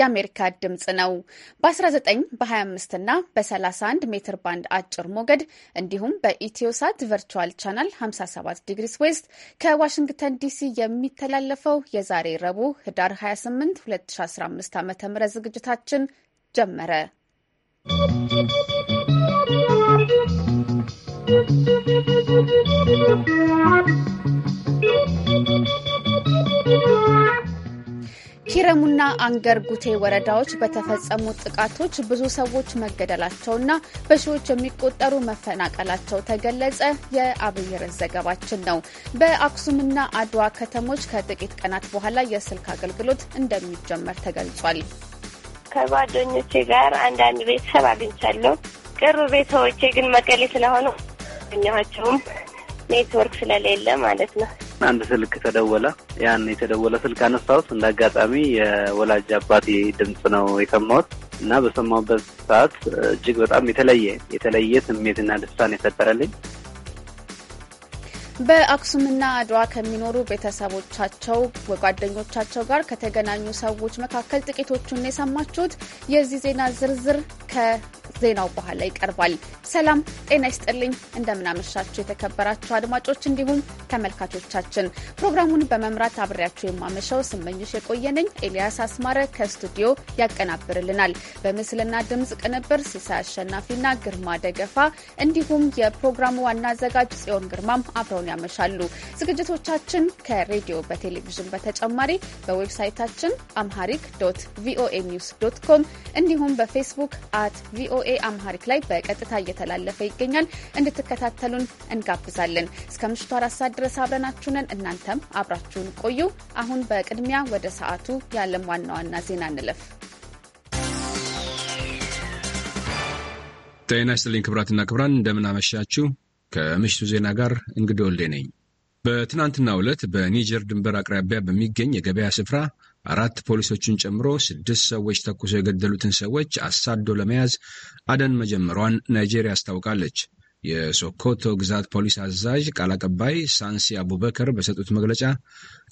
የአሜሪካ ድምፅ ነው። በ19 በ25 እና በ31 ሜትር ባንድ አጭር ሞገድ እንዲሁም በኢትዮሳት ቨርቹዋል ቻናል 57 ዲግሪስ ዌስት ከዋሽንግተን ዲሲ የሚተላለፈው የዛሬ ረቡዕ ህዳር 28 2015 ም ዝግጅታችን ጀመረ። ¶¶ ኪረሙና አንገር ጉቴ ወረዳዎች በተፈጸሙ ጥቃቶች ብዙ ሰዎች መገደላቸውና በሺዎች የሚቆጠሩ መፈናቀላቸው ተገለጸ። የአብይርን ዘገባችን ነው። በአክሱምና አድዋ ከተሞች ከጥቂት ቀናት በኋላ የስልክ አገልግሎት እንደሚጀመር ተገልጿል። ከጓደኞቼ ጋር አንዳንድ ቤተሰብ አግኝቻለሁ። ቅርብ ቤተሰቦቼ ግን መቀሌ ስለሆኑ አገኘኋቸውም ኔትወርክ ስለሌለ ማለት ነው። አንድ ስልክ ተደወለ። ያን የተደወለ ስልክ አነሳሁት። እንደ አጋጣሚ የወላጅ አባቴ ድምፅ ነው የሰማሁት እና በሰማሁበት ሰዓት እጅግ በጣም የተለየ የተለየ ስሜትና ደስታን የፈጠረልኝ በአክሱምና አድዋ ከሚኖሩ ቤተሰቦቻቸው ጓደኞቻቸው ጋር ከተገናኙ ሰዎች መካከል ጥቂቶቹን የሰማችሁት። የዚህ ዜና ዝርዝር ዜናው በኋላ ይቀርባል። ሰላም ጤና ይስጥልኝ። እንደምናመሻችሁ የተከበራችሁ አድማጮች እንዲሁም ተመልካቾቻችን ፕሮግራሙን በመምራት አብሬያችሁ የማመሻው ስመኝሽ የቆየነኝ። ኤልያስ አስማረ ከስቱዲዮ ያቀናብርልናል። በምስልና ድምፅ ቅንብር ሲሳይ አሸናፊና ግርማ ደገፋ እንዲሁም የፕሮግራሙ ዋና አዘጋጅ ጽዮን ግርማም አብረውን ያመሻሉ። ዝግጅቶቻችን ከሬዲዮ በቴሌቪዥን በተጨማሪ በዌብሳይታችን አምሃሪክ ዶት ቪኦኤ ኒውስ ዶት ኮም እንዲሁም በፌስቡክ አት ቪኦኤ ቪኦኤ አምሃሪክ ላይ በቀጥታ እየተላለፈ ይገኛል። እንድትከታተሉን እንጋብዛለን። እስከ ምሽቱ አራት ሰዓት ድረስ አብረናችሁ እናንተም አብራችሁን ቆዩ። አሁን በቅድሚያ ወደ ሰዓቱ የዓለም ዋና ዋና ዜና እንለፍ። ጤና ይስጥልኝ ክብራትና ክብራን፣ እንደምናመሻችሁ። ከምሽቱ ዜና ጋር እንግዲህ ወልዴ ነኝ። በትናንትናው ዕለት በኒጀር ድንበር አቅራቢያ በሚገኝ የገበያ ስፍራ አራት ፖሊሶችን ጨምሮ ስድስት ሰዎች ተኩሰው የገደሉትን ሰዎች አሳዶ ለመያዝ አደን መጀመሯን ናይጄሪያ አስታውቃለች። የሶኮቶ ግዛት ፖሊስ አዛዥ ቃል አቀባይ ሳንሲ አቡበከር በሰጡት መግለጫ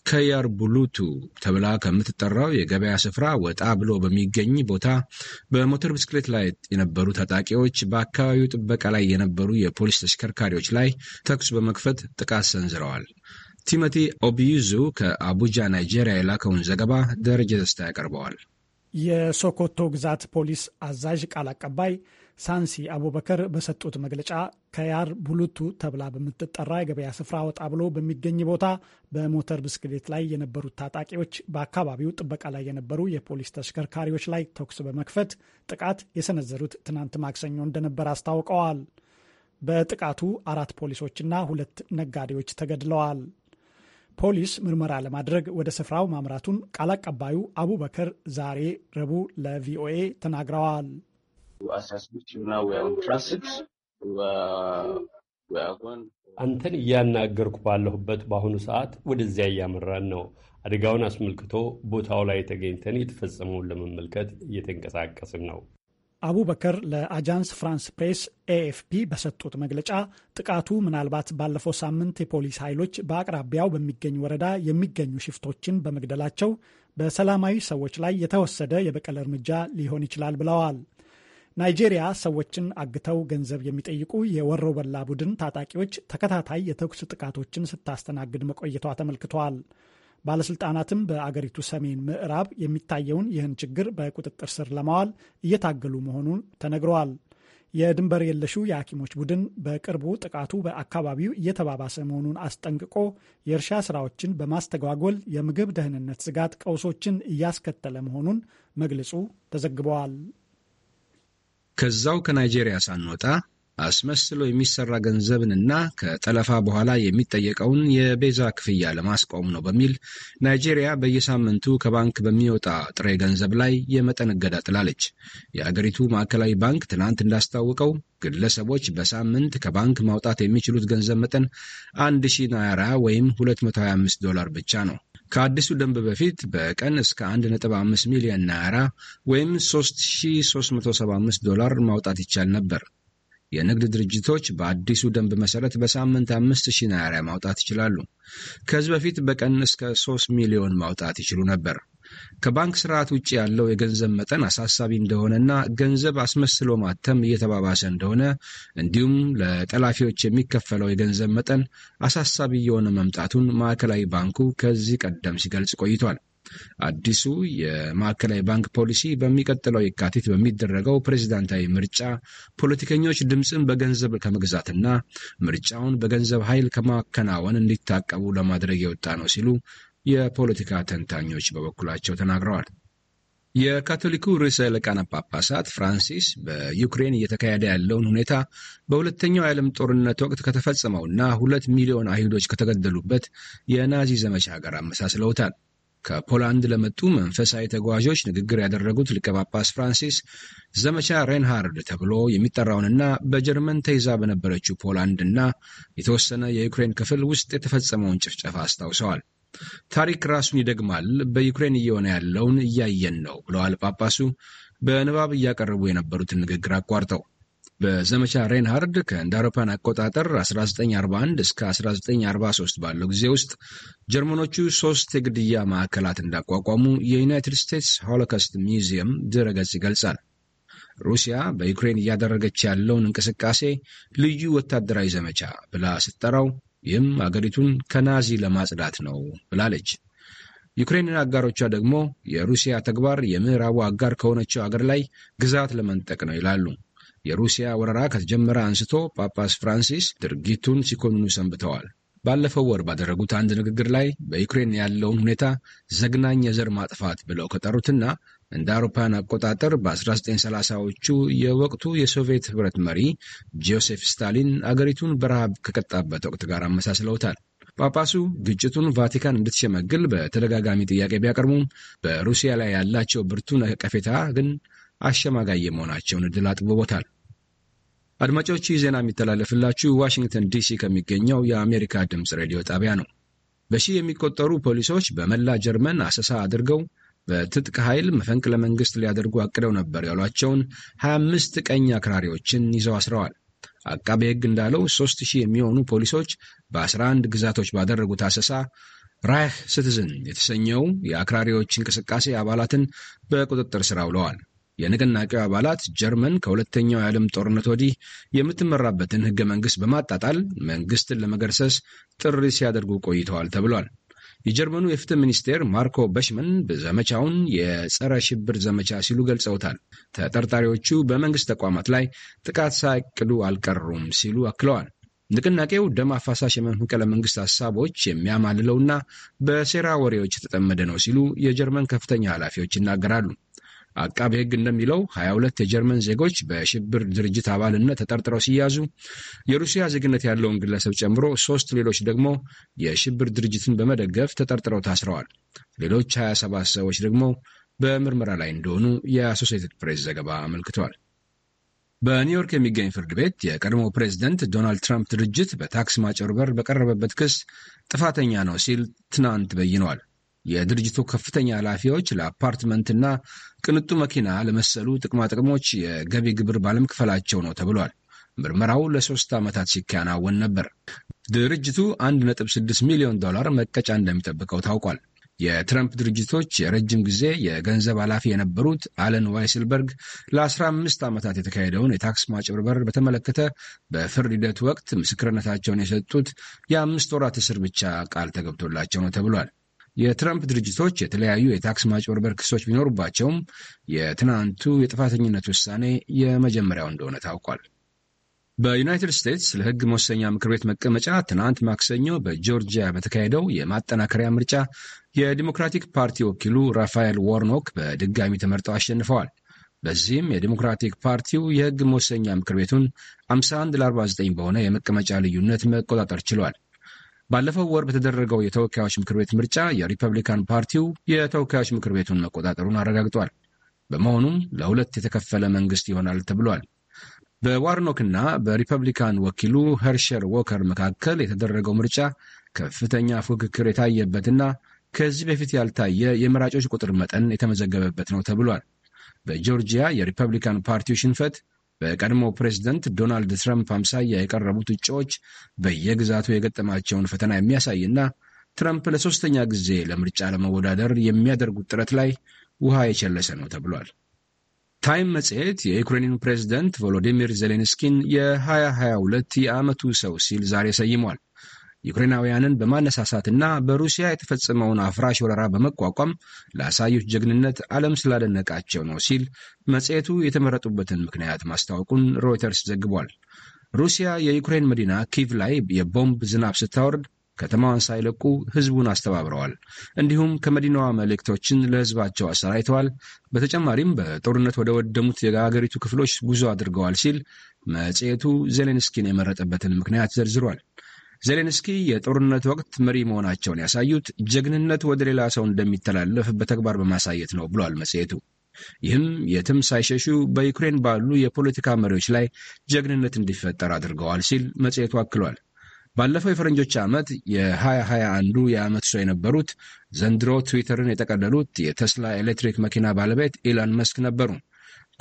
ከያር ቡሉቱ ተብላ ከምትጠራው የገበያ ስፍራ ወጣ ብሎ በሚገኝ ቦታ በሞተር ብስክሌት ላይ የነበሩ ታጣቂዎች በአካባቢው ጥበቃ ላይ የነበሩ የፖሊስ ተሽከርካሪዎች ላይ ተኩስ በመክፈት ጥቃት ሰንዝረዋል። ቲሞቲ ኦቢዩዙ ከአቡጃ ናይጄሪያ የላከውን ዘገባ ደረጀ ደስታ ያቀርበዋል። የሶኮቶ ግዛት ፖሊስ አዛዥ ቃል አቀባይ ሳንሲ አቡበከር በሰጡት መግለጫ ከያር ቡሉቱ ተብላ በምትጠራ የገበያ ስፍራ ወጣ ብሎ በሚገኝ ቦታ በሞተር ብስክሌት ላይ የነበሩት ታጣቂዎች በአካባቢው ጥበቃ ላይ የነበሩ የፖሊስ ተሽከርካሪዎች ላይ ተኩስ በመክፈት ጥቃት የሰነዘሩት ትናንት ማክሰኞ እንደነበር አስታውቀዋል። በጥቃቱ አራት ፖሊሶችና ሁለት ነጋዴዎች ተገድለዋል። ፖሊስ ምርመራ ለማድረግ ወደ ስፍራው ማምራቱን ቃል አቀባዩ አቡበከር ዛሬ ረቡ ለቪኦኤ ተናግረዋል። አንተን እያናገርኩ ባለሁበት በአሁኑ ሰዓት ወደዚያ እያመራን ነው። አደጋውን አስመልክቶ ቦታው ላይ ተገኝተን የተፈጸመውን ለመመልከት እየተንቀሳቀስን ነው። አቡበከር ለአጃንስ ፍራንስ ፕሬስ ኤኤፍፒ በሰጡት መግለጫ ጥቃቱ ምናልባት ባለፈው ሳምንት የፖሊስ ኃይሎች በአቅራቢያው በሚገኝ ወረዳ የሚገኙ ሽፍቶችን በመግደላቸው በሰላማዊ ሰዎች ላይ የተወሰደ የበቀል እርምጃ ሊሆን ይችላል ብለዋል። ናይጄሪያ ሰዎችን አግተው ገንዘብ የሚጠይቁ የወሮበላ ቡድን ታጣቂዎች ተከታታይ የተኩስ ጥቃቶችን ስታስተናግድ መቆየቷ ተመልክቷል። ባለስልጣናትም በአገሪቱ ሰሜን ምዕራብ የሚታየውን ይህን ችግር በቁጥጥር ስር ለማዋል እየታገሉ መሆኑን ተነግረዋል። የድንበር የለሹ የሐኪሞች ቡድን በቅርቡ ጥቃቱ በአካባቢው እየተባባሰ መሆኑን አስጠንቅቆ የእርሻ ስራዎችን በማስተጓጎል የምግብ ደህንነት ስጋት ቀውሶችን እያስከተለ መሆኑን መግለጹ ተዘግበዋል። ከዛው ከናይጄሪያ ሳንወጣ አስመስሎ የሚሰራ ገንዘብንና ከጠለፋ በኋላ የሚጠየቀውን የቤዛ ክፍያ ለማስቆም ነው በሚል ናይጄሪያ በየሳምንቱ ከባንክ በሚወጣ ጥሬ ገንዘብ ላይ የመጠን እገዳ ጥላለች። የአገሪቱ ማዕከላዊ ባንክ ትናንት እንዳስታወቀው ግለሰቦች በሳምንት ከባንክ ማውጣት የሚችሉት ገንዘብ መጠን 1 ሺ ናያራ ወይም 225 ዶላር ብቻ ነው። ከአዲሱ ደንብ በፊት በቀን እስከ 1.5 ሚሊዮን ናያራ ወይም 3375 ዶላር ማውጣት ይቻል ነበር። የንግድ ድርጅቶች በአዲሱ ደንብ መሰረት በሳምንት አምስት ሺህ ናሪያ ማውጣት ይችላሉ። ከዚህ በፊት በቀን እስከ ሶስት ሚሊዮን ማውጣት ይችሉ ነበር። ከባንክ ስርዓት ውጭ ያለው የገንዘብ መጠን አሳሳቢ እንደሆነና ገንዘብ አስመስሎ ማተም እየተባባሰ እንደሆነ እንዲሁም ለጠላፊዎች የሚከፈለው የገንዘብ መጠን አሳሳቢ እየሆነ መምጣቱን ማዕከላዊ ባንኩ ከዚህ ቀደም ሲገልጽ ቆይቷል። አዲሱ የማዕከላዊ ባንክ ፖሊሲ በሚቀጥለው የካቲት በሚደረገው ፕሬዚዳንታዊ ምርጫ ፖለቲከኞች ድምፅን በገንዘብ ከመግዛትና ምርጫውን በገንዘብ ኃይል ከማከናወን እንዲታቀቡ ለማድረግ የወጣ ነው ሲሉ የፖለቲካ ተንታኞች በበኩላቸው ተናግረዋል። የካቶሊኩ ርዕሰ ሊቃነ ጳጳሳት ፍራንሲስ በዩክሬን እየተካሄደ ያለውን ሁኔታ በሁለተኛው የዓለም ጦርነት ወቅት ከተፈጸመውና ሁለት ሚሊዮን አይሁዶች ከተገደሉበት የናዚ ዘመቻ ጋር አመሳስለውታል። ከፖላንድ ለመጡ መንፈሳዊ ተጓዦች ንግግር ያደረጉት ሊቀ ጳጳስ ፍራንሲስ ዘመቻ ሬንሃርድ ተብሎ የሚጠራውንና በጀርመን ተይዛ በነበረችው ፖላንድ እና የተወሰነ የዩክሬን ክፍል ውስጥ የተፈጸመውን ጭፍጨፋ አስታውሰዋል። ታሪክ ራሱን ይደግማል፣ በዩክሬን እየሆነ ያለውን እያየን ነው ብለዋል ጳጳሱ በንባብ እያቀረቡ የነበሩትን ንግግር አቋርጠው በዘመቻ ሬንሃርድ ከእንደ አውሮፓን አቆጣጠር 1941 እስከ 1943 ባለው ጊዜ ውስጥ ጀርመኖቹ ሶስት የግድያ ማዕከላት እንዳቋቋሙ የዩናይትድ ስቴትስ ሆሎኮስት ሚውዚየም ድረገጽ ይገልጻል። ሩሲያ በዩክሬን እያደረገች ያለውን እንቅስቃሴ ልዩ ወታደራዊ ዘመቻ ብላ ስትጠራው፣ ይህም አገሪቱን ከናዚ ለማጽዳት ነው ብላለች። ዩክሬንን አጋሮቿ ደግሞ የሩሲያ ተግባር የምዕራቡ አጋር ከሆነችው አገር ላይ ግዛት ለመንጠቅ ነው ይላሉ። የሩሲያ ወረራ ከተጀመረ አንስቶ ጳጳስ ፍራንሲስ ድርጊቱን ሲኮንኑ ሰንብተዋል። ባለፈው ወር ባደረጉት አንድ ንግግር ላይ በዩክሬን ያለውን ሁኔታ ዘግናኝ የዘር ማጥፋት ብለው ከጠሩትና እንደ አውሮፓውያን አቆጣጠር በ1930ዎቹ የወቅቱ የሶቪየት ህብረት መሪ ጆሴፍ ስታሊን አገሪቱን በረሃብ ከቀጣበት ወቅት ጋር አመሳስለውታል። ጳጳሱ ግጭቱን ቫቲካን እንድትሸመግል በተደጋጋሚ ጥያቄ ቢያቀርቡም በሩሲያ ላይ ያላቸው ብርቱ ነቀፌታ ግን አሸማጋይ መሆናቸውን ድል አጥብቦታል። አድማጮቹ ዜና የሚተላለፍላችሁ ዋሽንግተን ዲሲ ከሚገኘው የአሜሪካ ድምፅ ሬዲዮ ጣቢያ ነው። በሺህ የሚቆጠሩ ፖሊሶች በመላ ጀርመን አሰሳ አድርገው በትጥቅ ኃይል መፈንቅለ መንግሥት ሊያደርጉ አቅደው ነበር ያሏቸውን 25 ቀኝ አክራሪዎችን ይዘው አስረዋል። አቃቤ ሕግ እንዳለው 3000 የሚሆኑ ፖሊሶች በ11 ግዛቶች ባደረጉት አሰሳ ራይህ ስትዝን የተሰኘው የአክራሪዎች እንቅስቃሴ አባላትን በቁጥጥር ስር አውለዋል። የንቅናቄው አባላት ጀርመን ከሁለተኛው የዓለም ጦርነት ወዲህ የምትመራበትን ህገ መንግስት በማጣጣል መንግስትን ለመገርሰስ ጥሪ ሲያደርጉ ቆይተዋል ተብሏል። የጀርመኑ የፍትህ ሚኒስቴር ማርኮ በሽመን ዘመቻውን የጸረ ሽብር ዘመቻ ሲሉ ገልጸውታል። ተጠርጣሪዎቹ በመንግስት ተቋማት ላይ ጥቃት ሳያቅዱ አልቀሩም ሲሉ አክለዋል። ንቅናቄው ደም አፋሳሽ የመፈንቅለ መንግስት ሀሳቦች የሚያማልለውና በሴራ ወሬዎች የተጠመደ ነው ሲሉ የጀርመን ከፍተኛ ኃላፊዎች ይናገራሉ። አቃቤ ሕግ እንደሚለው 22 የጀርመን ዜጎች በሽብር ድርጅት አባልነት ተጠርጥረው ሲያዙ የሩሲያ ዜግነት ያለውን ግለሰብ ጨምሮ ሶስት ሌሎች ደግሞ የሽብር ድርጅትን በመደገፍ ተጠርጥረው ታስረዋል። ሌሎች 27 ሰዎች ደግሞ በምርመራ ላይ እንደሆኑ የአሶሴትድ ፕሬስ ዘገባ አመልክቷል። በኒውዮርክ የሚገኝ ፍርድ ቤት የቀድሞ ፕሬዝደንት ዶናልድ ትራምፕ ድርጅት በታክስ ማጭበርበር በቀረበበት ክስ ጥፋተኛ ነው ሲል ትናንት በይነዋል። የድርጅቱ ከፍተኛ ኃላፊዎች ለአፓርትመንትና ቅንጡ መኪና ለመሰሉ ጥቅማጥቅሞች የገቢ ግብር ባለመክፈላቸው ነው ተብሏል። ምርመራው ለሶስት ዓመታት ሲከናወን ነበር። ድርጅቱ 1.6 ሚሊዮን ዶላር መቀጫ እንደሚጠብቀው ታውቋል። የትረምፕ ድርጅቶች የረጅም ጊዜ የገንዘብ ኃላፊ የነበሩት አለን ዋይስልበርግ ለ15 ዓመታት የተካሄደውን የታክስ ማጭበርበር በተመለከተ በፍርድ ሂደት ወቅት ምስክርነታቸውን የሰጡት የአምስት ወራት እስር ብቻ ቃል ተገብቶላቸው ነው ተብሏል። የትራምፕ ድርጅቶች የተለያዩ የታክስ ማጭበርበር ክሶች ቢኖሩባቸውም የትናንቱ የጥፋተኝነት ውሳኔ የመጀመሪያው እንደሆነ ታውቋል። በዩናይትድ ስቴትስ ለሕግ መወሰኛ ምክር ቤት መቀመጫ ትናንት ማክሰኞ በጆርጂያ በተካሄደው የማጠናከሪያ ምርጫ የዲሞክራቲክ ፓርቲ ወኪሉ ራፋኤል ዋርኖክ በድጋሚ ተመርጠው አሸንፈዋል። በዚህም የዲሞክራቲክ ፓርቲው የሕግ መወሰኛ ምክር ቤቱን 51 ለ49 በሆነ የመቀመጫ ልዩነት መቆጣጠር ችሏል። ባለፈው ወር በተደረገው የተወካዮች ምክር ቤት ምርጫ የሪፐብሊካን ፓርቲው የተወካዮች ምክር ቤቱን መቆጣጠሩን አረጋግጧል። በመሆኑም ለሁለት የተከፈለ መንግስት ይሆናል ተብሏል። በዋርኖክና በሪፐብሊካን ወኪሉ ሄርሸር ዎከር መካከል የተደረገው ምርጫ ከፍተኛ ፉክክር የታየበትና ከዚህ በፊት ያልታየ የመራጮች ቁጥር መጠን የተመዘገበበት ነው ተብሏል። በጆርጂያ የሪፐብሊካን ፓርቲው ሽንፈት በቀድሞ ፕሬዝደንት ዶናልድ ትራምፕ አምሳያ የቀረቡት እጩዎች በየግዛቱ የገጠማቸውን ፈተና የሚያሳይና ትረምፕ ለሶስተኛ ጊዜ ለምርጫ ለመወዳደር የሚያደርጉት ጥረት ላይ ውሃ የቸለሰ ነው ተብሏል። ታይም መጽሔት የዩክሬንን ፕሬዚደንት ቮሎዲሚር ዜሌንስኪን የ2022 የዓመቱ ሰው ሲል ዛሬ ሰይሟል። ዩክሬናውያንን በማነሳሳትና በሩሲያ የተፈጸመውን አፍራሽ ወረራ በመቋቋም ለአሳዮች ጀግንነት ዓለም ስላደነቃቸው ነው ሲል መጽሔቱ የተመረጡበትን ምክንያት ማስታወቁን ሮይተርስ ዘግቧል። ሩሲያ የዩክሬን መዲና ኪቭ ላይ የቦምብ ዝናብ ስታወርድ ከተማዋን ሳይለቁ ህዝቡን አስተባብረዋል። እንዲሁም ከመዲናዋ መልእክቶችን ለህዝባቸው አሰራይተዋል። በተጨማሪም በጦርነት ወደ ወደሙት የሀገሪቱ ክፍሎች ጉዞ አድርገዋል ሲል መጽሔቱ ዜሌንስኪን የመረጠበትን ምክንያት ዘርዝሯል። ዜሌንስኪ የጦርነት ወቅት መሪ መሆናቸውን ያሳዩት ጀግንነት ወደ ሌላ ሰው እንደሚተላለፍ በተግባር በማሳየት ነው ብሏል መጽሔቱ። ይህም የትም ሳይሸሹ በዩክሬን ባሉ የፖለቲካ መሪዎች ላይ ጀግንነት እንዲፈጠር አድርገዋል ሲል መጽሔቱ አክሏል። ባለፈው የፈረንጆች ዓመት የ2021ዱ የዓመት ሰው የነበሩት ዘንድሮ ትዊተርን የጠቀለሉት የተስላ ኤሌክትሪክ መኪና ባለቤት ኢላን መስክ ነበሩ።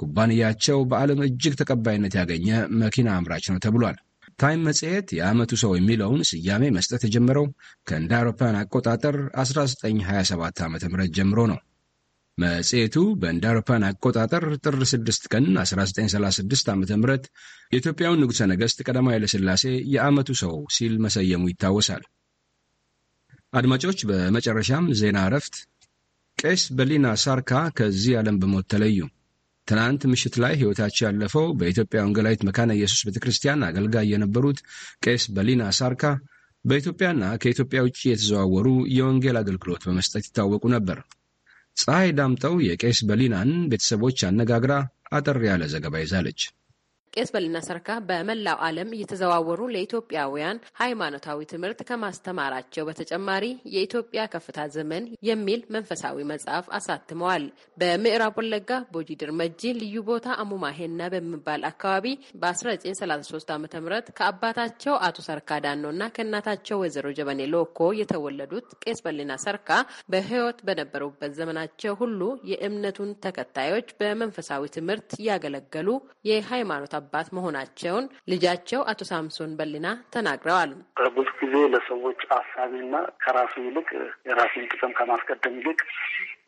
ኩባንያቸው በዓለም እጅግ ተቀባይነት ያገኘ መኪና አምራች ነው ተብሏል። ታይም መጽሔት የዓመቱ ሰው የሚለውን ስያሜ መስጠት የጀመረው ከእንደ አውሮፓውያን አቆጣጠር 1927 ዓ ም ጀምሮ ነው። መጽሔቱ በእንደ አውሮፓውያን አቆጣጠር ጥር 6 ቀን 1936 ዓ ም የኢትዮጵያውን ንጉሠ ነገሥት ቀዳማዊ ኃይለሥላሴ የዓመቱ ሰው ሲል መሰየሙ ይታወሳል። አድማጮች፣ በመጨረሻም ዜና እረፍት። ቄስ በሊና ሳርካ ከዚህ ዓለም በሞት ተለዩ። ትናንት ምሽት ላይ ሕይወታቸው ያለፈው በኢትዮጵያ ወንጌላዊት መካነ ኢየሱስ ቤተ ክርስቲያን አገልጋይ የነበሩት ቄስ በሊና ሳርካ በኢትዮጵያና ከኢትዮጵያ ውጭ የተዘዋወሩ የወንጌል አገልግሎት በመስጠት ይታወቁ ነበር። ፀሐይ ዳምጠው የቄስ በሊናን ቤተሰቦች አነጋግራ አጠር ያለ ዘገባ ይዛለች። ቄስ በልና ሰርካ በመላው ዓለም እየተዘዋወሩ ለኢትዮጵያውያን ሃይማኖታዊ ትምህርት ከማስተማራቸው በተጨማሪ የኢትዮጵያ ከፍታ ዘመን የሚል መንፈሳዊ መጽሐፍ አሳትመዋል። በምዕራብ ወለጋ ቦጂ ድርመጂ ልዩ ቦታ አሙማሄና በሚባል አካባቢ በ1933 ዓ ም ከአባታቸው አቶ ሰርካ ዳኖና ከእናታቸው ወይዘሮ ጀበኔ ሎኮ የተወለዱት ቄስ በልና ሰርካ በህይወት በነበሩበት ዘመናቸው ሁሉ የእምነቱን ተከታዮች በመንፈሳዊ ትምህርት እያገለገሉ የሃይማኖት አባት መሆናቸውን ልጃቸው አቶ ሳምሶን በሊና ተናግረዋል። ብዙ ጊዜ ለሰዎች አሳቢና ከራሱ ይልቅ የራሱን ጥቅም ከማስቀደም ይልቅ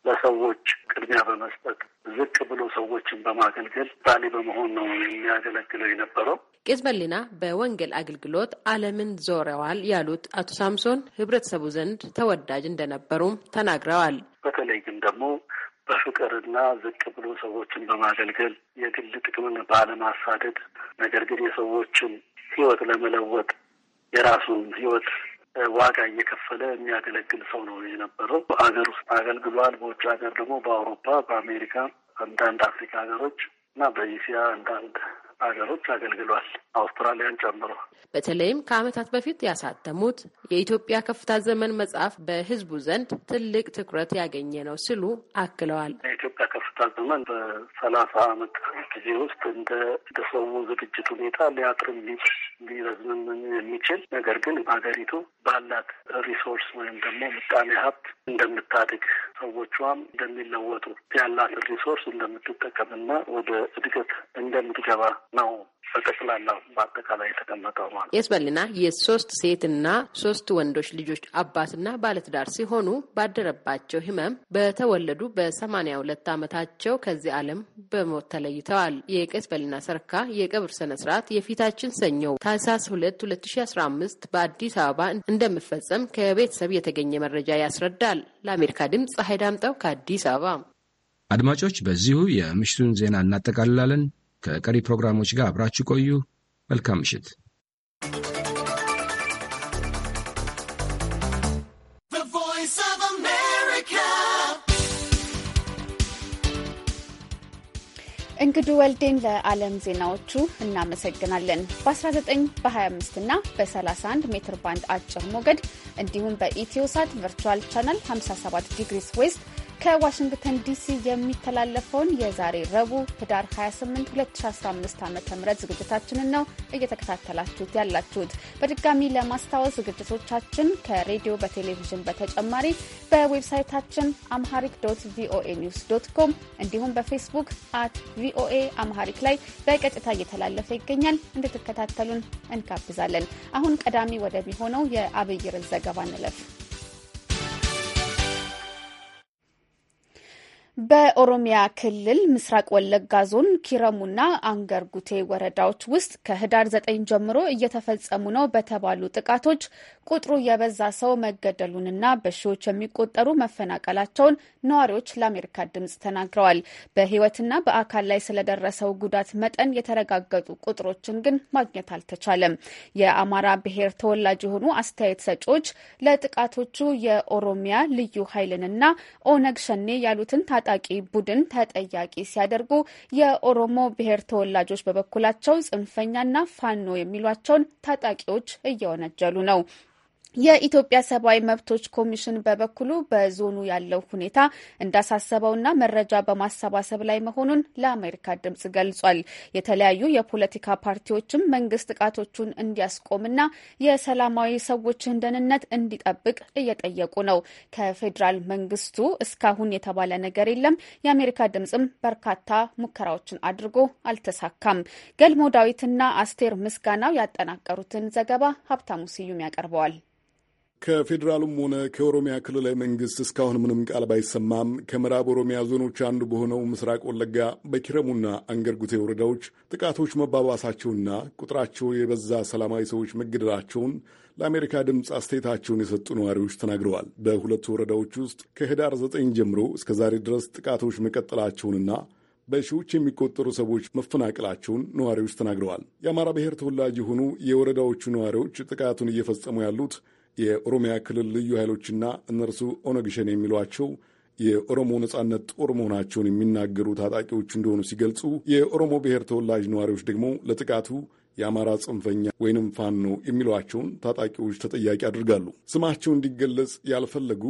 ለሰዎች ቅድሚያ በመስጠት ዝቅ ብሎ ሰዎችን በማገልገል ባሌ በመሆን ነው የሚያገለግለው የነበረው። ቄስ በሊና በወንጌል አገልግሎት ዓለምን ዞረዋል ያሉት አቶ ሳምሶን ህብረተሰቡ ዘንድ ተወዳጅ እንደነበሩም ተናግረዋል። በተለይ ግን ደግሞ በፍቅርና ዝቅ ብሎ ሰዎችን በማገልገል የግል ጥቅምን ባለማሳደድ፣ ነገር ግን የሰዎችን ህይወት ለመለወጥ የራሱን ህይወት ዋጋ እየከፈለ የሚያገለግል ሰው ነው የነበረው። ሀገር ውስጥ አገልግሏል። በውጭ ሀገር ደግሞ በአውሮፓ፣ በአሜሪካ፣ አንዳንድ አፍሪካ ሀገሮች እና በኢሲያ አንዳንድ አገሮች አገልግሏል፣ አውስትራሊያን ጨምሮ። በተለይም ከዓመታት በፊት ያሳተሙት የኢትዮጵያ ከፍታ ዘመን መጽሐፍ በሕዝቡ ዘንድ ትልቅ ትኩረት ያገኘ ነው ሲሉ አክለዋል። የኢትዮጵያ ከፍታ ዘመን በሰላሳ ዓመት ጊዜ ውስጥ እንደ ሰው ዝግጅት ሁኔታ ሊያጥርም የሚችል ሊረዝምም የሚችል ነገር ግን በሀገሪቱ ባላት ሪሶርስ ወይም ደግሞ ምጣኔ ሀብት እንደምታድግ ሰዎቿም እንደሚለወጡ ያላትን ሪሶርስ እንደምትጠቀምና ወደ እድገት እንደምትገባ ነው በጠቅላላ በአጠቃላይ የተቀመጠው ማለት የስበልና የሶስት ሴትና ሶስት ወንዶች ልጆች አባትና ባለትዳር ሲሆኑ ባደረባቸው ህመም በተወለዱ በሰማኒያ ሁለት ዓመታቸው ከዚህ ዓለም በሞት ተለይተዋል። የቀስበልና ሰርካ የቀብር ስነ ስርዓት የፊታችን ሰኞ ታህሳስ ሁለት ሁለት ሺ አስራ አምስት በአዲስ አበባ እንደሚፈጸም ከቤተሰብ የተገኘ መረጃ ያስረዳል። ለአሜሪካ ድምፅ ፀሐይ ዳምጠው ከአዲስ አበባ። አድማጮች፣ በዚሁ የምሽቱን ዜና እናጠቃልላለን። ከቀሪ ፕሮግራሞች ጋር አብራችሁ ቆዩ። መልካም ምሽት። እንግዱ ወልዴን ለዓለም ዜናዎቹ እናመሰግናለን። በ19 በ25 እና በ31 ሜትር ባንድ አጭር ሞገድ እንዲሁም በኢትዮሳት ቨርቹዋል ቻናል 57 ዲግሪስ ዌስት ከዋሽንግተን ዲሲ የሚተላለፈውን የዛሬ ረቡዕ ህዳር 28 2015 ዓ ም ዝግጅታችንን ነው እየተከታተላችሁት ያላችሁት። በድጋሚ ለማስታወስ ዝግጅቶቻችን ከሬዲዮ በቴሌቪዥን በተጨማሪ በዌብሳይታችን አምሃሪክ ዶት ቪኦኤ ኒውስ ዶት ኮም እንዲሁም በፌስቡክ አት ቪኦኤ አምሃሪክ ላይ በቀጥታ እየተላለፈ ይገኛል። እንድትከታተሉን እንጋብዛለን። አሁን ቀዳሚ ወደሚሆነው የአብይርን ዘገባ እንለፍ። በኦሮሚያ ክልል ምስራቅ ወለጋ ዞን ኪረሙና አንገር ጉቴ ወረዳዎች ውስጥ ከህዳር ዘጠኝ ጀምሮ እየተፈጸሙ ነው በተባሉ ጥቃቶች ቁጥሩ የበዛ ሰው መገደሉንና በሺዎች የሚቆጠሩ መፈናቀላቸውን ነዋሪዎች ለአሜሪካ ድምጽ ተናግረዋል። በህይወትና በአካል ላይ ስለደረሰው ጉዳት መጠን የተረጋገጡ ቁጥሮችን ግን ማግኘት አልተቻለም። የአማራ ብሔር ተወላጅ የሆኑ አስተያየት ሰጪዎች ለጥቃቶቹ የኦሮሚያ ልዩ ኃይልንና ኦነግ ሸኔ ያሉትን ታጣቂ ቡድን ተጠያቂ ሲያደርጉ የኦሮሞ ብሔር ተወላጆች በበኩላቸው ጽንፈኛና ፋኖ የሚሏቸውን ታጣቂዎች እየወነጀሉ ነው። የኢትዮጵያ ሰብአዊ መብቶች ኮሚሽን በበኩሉ በዞኑ ያለው ሁኔታ እንዳሳሰበውና መረጃ በማሰባሰብ ላይ መሆኑን ለአሜሪካ ድምጽ ገልጿል። የተለያዩ የፖለቲካ ፓርቲዎችም መንግስት ጥቃቶቹን እንዲያስቆምና የሰላማዊ ሰዎችን ደህንነት እንዲጠብቅ እየጠየቁ ነው። ከፌዴራል መንግስቱ እስካሁን የተባለ ነገር የለም። የአሜሪካ ድምጽም በርካታ ሙከራዎችን አድርጎ አልተሳካም። ገልሞ ዳዊትና አስቴር ምስጋናው ያጠናቀሩትን ዘገባ ሀብታሙ ስዩም ያቀርበዋል። ከፌዴራሉም ሆነ ከኦሮሚያ ክልላዊ መንግስት እስካሁን ምንም ቃል ባይሰማም ከምዕራብ ኦሮሚያ ዞኖች አንዱ በሆነው ምስራቅ ወለጋ በኪረሙና አንገርጉቴ ወረዳዎች ጥቃቶች መባባሳቸውና ቁጥራቸው የበዛ ሰላማዊ ሰዎች መገደላቸውን ለአሜሪካ ድምፅ አስተያየታቸውን የሰጡ ነዋሪዎች ተናግረዋል። በሁለቱ ወረዳዎች ውስጥ ከህዳር ዘጠኝ ጀምሮ እስከ ዛሬ ድረስ ጥቃቶች መቀጠላቸውንና በሺዎች የሚቆጠሩ ሰዎች መፈናቀላቸውን ነዋሪዎች ተናግረዋል። የአማራ ብሔር ተወላጅ የሆኑ የወረዳዎቹ ነዋሪዎች ጥቃቱን እየፈጸሙ ያሉት የኦሮሚያ ክልል ልዩ ኃይሎችና እነርሱ ኦነግ ሸኔ የሚሏቸው የኦሮሞ ነጻነት ጦር መሆናቸውን የሚናገሩ ታጣቂዎች እንደሆኑ ሲገልጹ፣ የኦሮሞ ብሔር ተወላጅ ነዋሪዎች ደግሞ ለጥቃቱ የአማራ ጽንፈኛ ወይንም ፋኖ የሚሏቸውን ታጣቂዎች ተጠያቂ አድርጋሉ። ስማቸው እንዲገለጽ ያልፈለጉ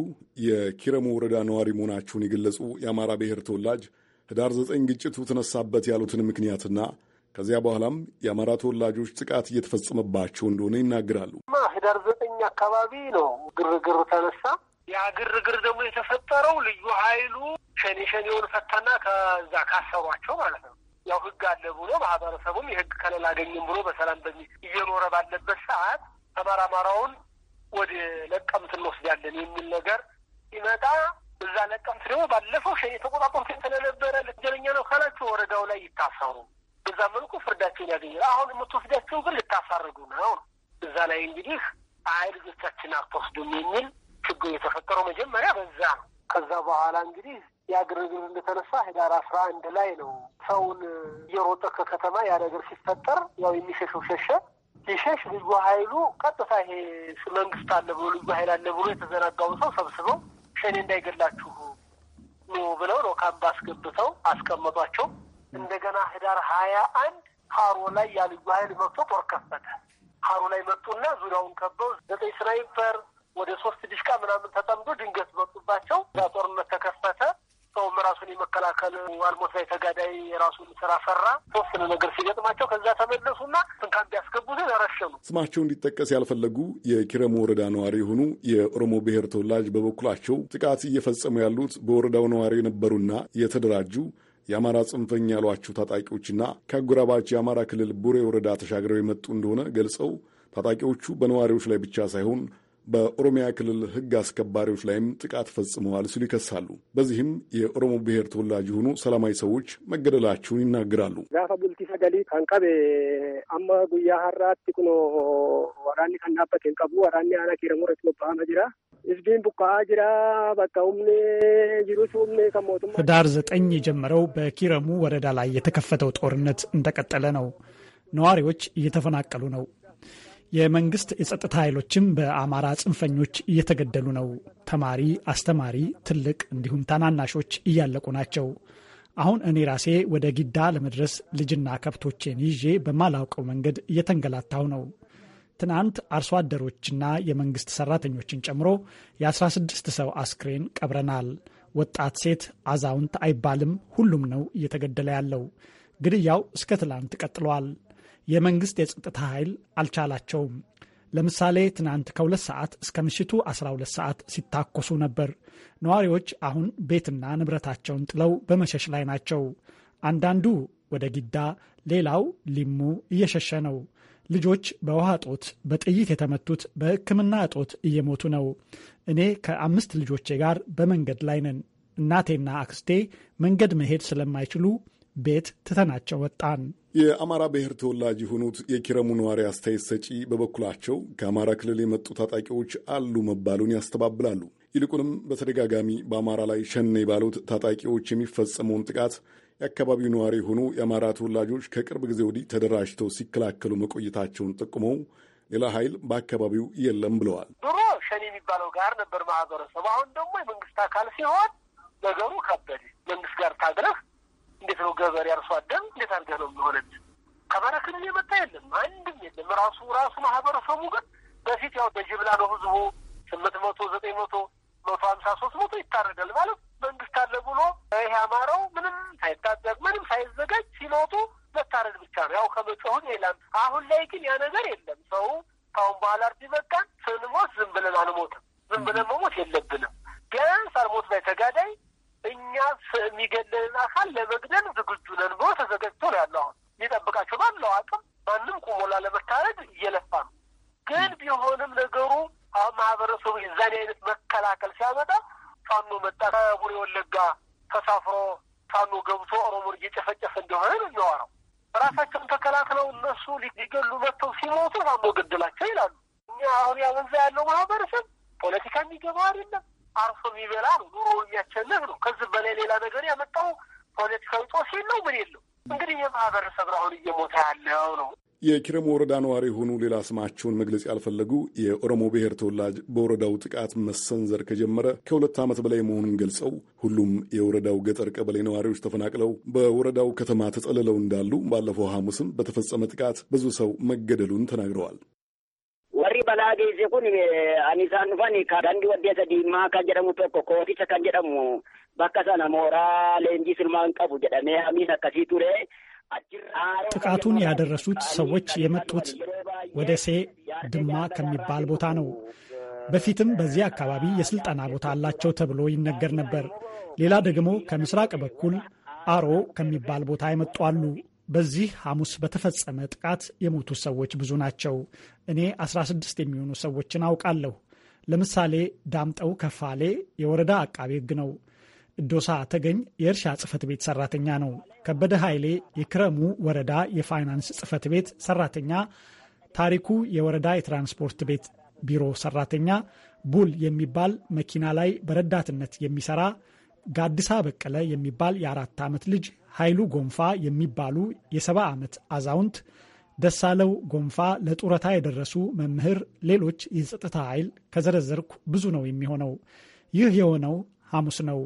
የኪረሙ ወረዳ ነዋሪ መሆናቸውን የገለጹ የአማራ ብሔር ተወላጅ ህዳር ዘጠኝ ግጭቱ ተነሳበት ያሉትን ምክንያትና ከዚያ በኋላም የአማራ ተወላጆች ጥቃት እየተፈጸመባቸው እንደሆነ ይናገራሉ። ህዳር ዘጠኝ አካባቢ ነው ግርግር ተነሳ። ያ ግርግር ደግሞ የተፈጠረው ልዩ ኃይሉ ሸኔ ሸኔውን ፈታና ከዛ ካሰሯቸው ማለት ነው። ያው ህግ አለ ብሎ ማህበረሰቡም የህግ ከለላ አገኝም ብሎ በሰላም በሚ እየኖረ ባለበት ሰዓት አማራ አማራውን ወደ ለቀምት እንወስዳለን የሚል ነገር ሲመጣ እዛ ለቀምት ደግሞ ባለፈው ሸኔ ተቆጣጠሩት ስለነበረ ልትገለኛ ነው ካላቸው ወረዳው ላይ ይታሰሩ በዛ መልኩ ፍርዳቸውን ያገኛል። አሁን የምትወስዳቸው ግን ልታሳርዱ ነው። እዛ ላይ እንግዲህ አይ ልጆቻችን አትወስዱም የሚል ችግር የተፈጠረው መጀመሪያ በዛ ነው። ከዛ በኋላ እንግዲህ ያ እንደተነሳ ህዳር አስራ አንድ ላይ ነው። ሰውን እየሮጠ ከከተማ ያ ነገር ሲፈጠር ያው የሚሸሸው ሸሸ። ሲሸሽ ልዩ ኃይሉ ቀጥታ ይሄ መንግስት አለ ብሎ ልዩ ኃይል አለ ብሎ የተዘናጋውን ሰው ሰብስበው ሸኔ እንዳይገላችሁ ነው ብለው ነው ካምባ አስገብተው አስቀመጧቸው። እንደገና ህዳር ሀያ አንድ ሀሮ ላይ ያልዩ ኃይል መጥቶ ጦር ከፈተ። ሀሮ ላይ መጡና ዙሪያውን ከበው ዘጠኝ ስናይፐር ወደ ሶስት ዲሽቃ ምናምን ተጠምዶ ድንገት መጡባቸው። ጦርነት ተከፈተ። ሰውም ራሱን የመከላከል አልሞት ላይ ተጋዳይ የራሱን ስራ ሰራ። ተወሰነ ነገር ሲገጥማቸው ከዛ ተመለሱና ስንካም ቢያስገቡትን ረሸኑ። ስማቸው እንዲጠቀስ ያልፈለጉ የኪረሙ ወረዳ ነዋሪ የሆኑ የኦሮሞ ብሔር ተወላጅ በበኩላቸው ጥቃት እየፈጸሙ ያሉት በወረዳው ነዋሪ የነበሩና የተደራጁ የአማራ ጽንፈኛ ያሏቸው ታጣቂዎችና ከአጎራባች የአማራ ክልል ቡሬ ወረዳ ተሻግረው የመጡ እንደሆነ ገልጸው ታጣቂዎቹ በነዋሪዎች ላይ ብቻ ሳይሆን በኦሮሚያ ክልል ሕግ አስከባሪዎች ላይም ጥቃት ፈጽመዋል ሲሉ ይከሳሉ። በዚህም የኦሮሞ ብሔር ተወላጅ የሆኑ ሰላማዊ ሰዎች መገደላቸውን ይናገራሉ። ጋፋ ቡልቲ ሰገሊ ከንቀቤ አመ ጉያ ሀራት ኩኖ ወራኒ ከናበት ንቀቡ ወራኒ አነ ኪረሙረት ቦባአመ ጅራ ህዝቢን ቡካ ጅራ በቀውም ጅሩሱም ከሞቱ ህዳር ዘጠኝ የጀመረው በኪረሙ ወረዳ ላይ የተከፈተው ጦርነት እንደቀጠለ ነው። ነዋሪዎች እየተፈናቀሉ ነው። የመንግስት የጸጥታ ኃይሎችም በአማራ ጽንፈኞች እየተገደሉ ነው። ተማሪ፣ አስተማሪ፣ ትልቅ እንዲሁም ታናናሾች እያለቁ ናቸው። አሁን እኔ ራሴ ወደ ጊዳ ለመድረስ ልጅና ከብቶቼን ይዤ በማላውቀው መንገድ እየተንገላታሁ ነው። ትናንት አርሶ አደሮችና የመንግስት ሰራተኞችን ጨምሮ የ16 ሰው አስክሬን ቀብረናል። ወጣት፣ ሴት፣ አዛውንት አይባልም፣ ሁሉም ነው እየተገደለ ያለው። ግድያው እስከ ትላንት ቀጥሏል። የመንግስት የጸጥታ ኃይል አልቻላቸውም። ለምሳሌ ትናንት ከሁለት ሰዓት እስከ ምሽቱ 12 ሰዓት ሲታኮሱ ነበር። ነዋሪዎች አሁን ቤትና ንብረታቸውን ጥለው በመሸሽ ላይ ናቸው። አንዳንዱ ወደ ጊዳ፣ ሌላው ሊሙ እየሸሸ ነው። ልጆች በውሃ እጦት፣ በጥይት የተመቱት በሕክምና እጦት እየሞቱ ነው። እኔ ከአምስት ልጆቼ ጋር በመንገድ ላይ ነን። እናቴና አክስቴ መንገድ መሄድ ስለማይችሉ ቤት ትተናቸው ወጣን። የአማራ ብሔር ተወላጅ የሆኑት የኪረሙ ነዋሪ አስተያየት ሰጪ በበኩላቸው ከአማራ ክልል የመጡ ታጣቂዎች አሉ መባሉን ያስተባብላሉ። ይልቁንም በተደጋጋሚ በአማራ ላይ ሸኔ ባሉት ታጣቂዎች የሚፈጸመውን ጥቃት የአካባቢው ነዋሪ የሆኑ የአማራ ተወላጆች ከቅርብ ጊዜ ወዲህ ተደራጅተው ሲከላከሉ መቆየታቸውን ጠቁመው ሌላ ኃይል በአካባቢው የለም ብለዋል። ድሮ ሸኔ የሚባለው ጋር ነበር ማህበረሰቡ። አሁን ደግሞ የመንግስት አካል ሲሆን ነገሩ ከበደ። መንግስት ጋር ታግለህ እንዴት ነው ገበሬ አርሶ አደር እንዴት አንተ ነው የሚሆነን? ከአማራ ክልል የመጣ የለም፣ አንድም የለም። ራሱ ራሱ ማህበረሰቡ ግን በፊት ያው በጅምላ ነው ህዝቡ ስምንት መቶ ዘጠኝ መቶ መቶ ሀምሳ ሶስት መቶ ይታረዳል ማለት መንግስት አለ ብሎ ይህ አማራው ምንም ሳይታጠቅ ምንም ሳይዘጋጅ ሲመጡ መታረድ ብቻ ነው ያው ከመጮሁን የላም። አሁን ላይ ግን ያ ነገር የለም። ሰው ካሁን በኋላ እርድ ይበቃል። ስንሞት ዝም ብለን አንሞትም። ዝም ብለን መሞት የለብንም። ቢያንስ አልሞት ላይ ተጋዳይ እኛ የሚገለልን አካል ለመግደል ዝግጁ ነን ብሎ ተዘጋጅቶ ነው ያለው። አሁን የሚጠብቃቸው ባለው አቅም ማንም ቁሞላ ለመታረድ እየለፋ ነው። ግን ቢሆንም ነገሩ አሁን ማህበረሰቡ የዛኔ አይነት መከላከል ሲያመጣ ፋኖ መጣ ከቡሬ ወለጋ ተሳፍሮ ፋኖ ገብቶ ኦሮሞን እየጨፈጨፈ እንደሆነ ነው የሚያወራው። ራሳቸውን ተከላክለው እነሱ ሊገሉ መጥተው ሲሞቱ ፋኖ ገደላቸው ይላሉ። እኛ አሁን ያበዛ ያለው ማህበረሰብ ፖለቲካ የሚገባው አይደለም አርሶ የሚበላ ነው። ኑሮ የሚያቸንፍ ነው። ከዚህ በላይ ሌላ ነገር ያመጣው ፖለቲካዊ ጦስ የለው ምን የለው። እንግዲህ የማህበረሰብ አሁን እየሞታ ያለው ነው። የኪረሙ ወረዳ ነዋሪ የሆኑ ሌላ ስማቸውን መግለጽ ያልፈለጉ የኦሮሞ ብሔር ተወላጅ በወረዳው ጥቃት መሰንዘር ከጀመረ ከሁለት ዓመት በላይ መሆኑን ገልጸው ሁሉም የወረዳው ገጠር ቀበሌ ነዋሪዎች ተፈናቅለው በወረዳው ከተማ ተጠልለው እንዳሉ ባለፈው ሐሙስም በተፈጸመ ጥቃት ብዙ ሰው መገደሉን ተናግረዋል። balaa geesse kun ani isaan dhufan kandandi waddeessa diimaa kan jedhamu tokko kooticha kan jedhamu bakka sana mooraa leenjii silmaan qabu jedhamee hamiin akkasii ture ጥቃቱን ያደረሱት ሰዎች የመጡት ወደ ሴ ድማ ከሚባል ቦታ ነው። በፊትም በዚህ አካባቢ የስልጠና ቦታ አላቸው ተብሎ ይነገር ነበር። ሌላ ደግሞ ከምስራቅ በኩል አሮ ከሚባል ቦታ የመጡ አሉ። በዚህ ሐሙስ በተፈጸመ ጥቃት የሞቱ ሰዎች ብዙ ናቸው። እኔ 16 የሚሆኑ ሰዎችን አውቃለሁ። ለምሳሌ ዳምጠው ከፋሌ የወረዳ አቃቤ ሕግ ነው። እዶሳ ተገኝ የእርሻ ጽህፈት ቤት ሰራተኛ ነው። ከበደ ኃይሌ የክረሙ ወረዳ የፋይናንስ ጽህፈት ቤት ሰራተኛ፣ ታሪኩ የወረዳ የትራንስፖርት ቤት ቢሮ ሰራተኛ፣ ቡል የሚባል መኪና ላይ በረዳትነት የሚሰራ ጋዲሳ በቀለ የሚባል የአራት ዓመት ልጅ ኃይሉ ጎንፋ የሚባሉ የሰባ ዓመት አዛውንት፣ ደሳለው ጎንፋ ለጡረታ የደረሱ መምህር፣ ሌሎች የጸጥታ ኃይል ከዘረዘርኩ ብዙ ነው የሚሆነው። ይህ የሆነው ሐሙስ ነው።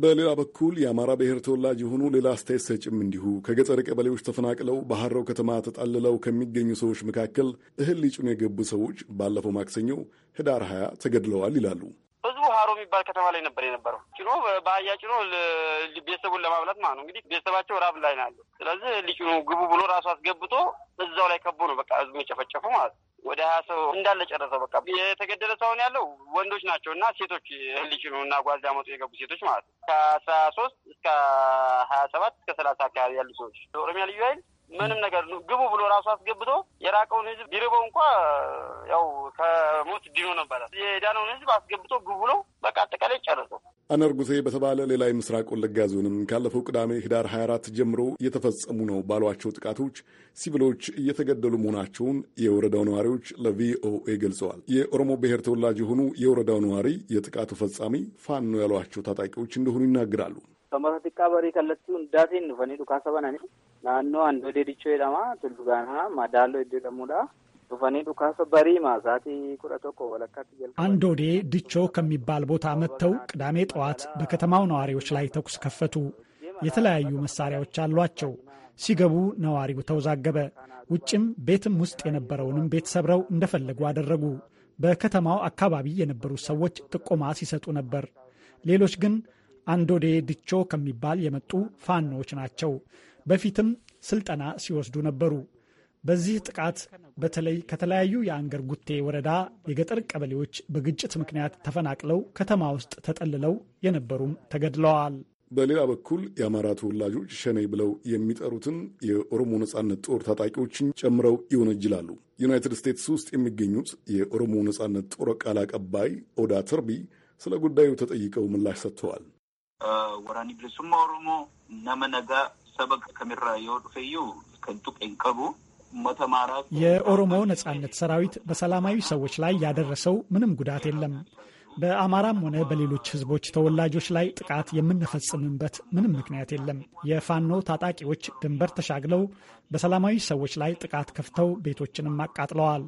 በሌላ በኩል የአማራ ብሔር ተወላጅ የሆኑ ሌላ አስተያየት ሰጭም እንዲሁ ከገጠር ቀበሌዎች ተፈናቅለው ባህረው ከተማ ተጠልለው ከሚገኙ ሰዎች መካከል እህል ሊጭኑ የገቡ ሰዎች ባለፈው ማክሰኞ ህዳር 20 ተገድለዋል ይላሉ። ብዙ ሀሮ የሚባል ከተማ ላይ ነበር የነበረው። ጭኖ በአህያ ጭኖ ቤተሰቡን ለማብላት ማለት ነው። እንግዲህ ቤተሰባቸው ራብ ላይ ናለ። ስለዚህ ሊጭኑ ግቡ ብሎ ራሱ አስገብቶ እዛው ላይ ከቦ ነው በቃ ህዝቡ የጨፈጨፉ ማለት ነው። ወደ ሀያ ሰው እንዳለ ጨረሰው። በቃ የተገደለ ሰውን ያለው ወንዶች ናቸው እና ሴቶች ሊጭኑ እና ጓዝ ሊያመጡ የገቡ ሴቶች ማለት ነው። ከአስራ ሶስት እስከ ሀያ ሰባት እስከ ሰላሳ አካባቢ ያሉ ሰዎች ኦሮሚያ ልዩ ኃይል ምንም ነገር ግቡ ብሎ ራሱ አስገብቶ የራቀውን ህዝብ ቢርበው እንኳ ያው ከሞት ድኖ ነበረ። የዳነውን ህዝብ አስገብቶ ግቡ ብሎ በቃ አጠቃላይ ጨርሶ አነርጉቴ በተባለ ሌላ የምስራቅ ወለጋ ዞንም ካለፈው ቅዳሜ ህዳር 24 ጀምሮ እየተፈጸሙ ነው ባሏቸው ጥቃቶች ሲቪሎች እየተገደሉ መሆናቸውን የወረዳው ነዋሪዎች ለቪኦኤ ገልጸዋል። የኦሮሞ ብሔር ተወላጅ የሆኑ የወረዳው ነዋሪ የጥቃቱ ፈጻሚ ፋኖ ያሏቸው ታጣቂዎች እንደሆኑ ይናገራሉ። naannoo handoolee dichoo jedhama. Tullugaanaa madaaloo iddoo jedhamudha. ዱፈኔ ዱካሰ በሪ ማዛቲ ቁረቶ ወለካት አንዶዴ ዲቾ ከሚባል ቦታ መጥተው ቅዳሜ ጠዋት በከተማው ነዋሪዎች ላይ ተኩስ ከፈቱ። የተለያዩ መሳሪያዎች አሏቸው። ሲገቡ ነዋሪው ተወዛገበ። ውጭም ቤትም ውስጥ የነበረውንም ቤት ሰብረው እንደፈለጉ አደረጉ። በከተማው አካባቢ የነበሩ ሰዎች ጥቆማ ሲሰጡ ነበር። ሌሎች ግን አንዶዴ ዲቾ ከሚባል የመጡ ፋኖዎች ናቸው በፊትም ስልጠና ሲወስዱ ነበሩ። በዚህ ጥቃት በተለይ ከተለያዩ የአንገር ጉቴ ወረዳ የገጠር ቀበሌዎች በግጭት ምክንያት ተፈናቅለው ከተማ ውስጥ ተጠልለው የነበሩም ተገድለዋል። በሌላ በኩል የአማራ ተወላጆች ሸኔ ብለው የሚጠሩትን የኦሮሞ ነጻነት ጦር ታጣቂዎችን ጨምረው ይወነጅላሉ። ዩናይትድ ስቴትስ ውስጥ የሚገኙት የኦሮሞ ነጻነት ጦር ቃል አቀባይ ኦዳ ተርቢ ስለ ጉዳዩ ተጠይቀው ምላሽ ሰጥተዋል። ወራኒ ብልሱማ ኦሮሞ ነመነጋ ሰበብ ከሚራ የወዱ ከንቱ ቀንቀቡ የኦሮሞ ነጻነት ሰራዊት በሰላማዊ ሰዎች ላይ ያደረሰው ምንም ጉዳት የለም። በአማራም ሆነ በሌሎች ህዝቦች ተወላጆች ላይ ጥቃት የምንፈጽምበት ምንም ምክንያት የለም። የፋኖ ታጣቂዎች ድንበር ተሻግለው በሰላማዊ ሰዎች ላይ ጥቃት ከፍተው ቤቶችንም አቃጥለዋል።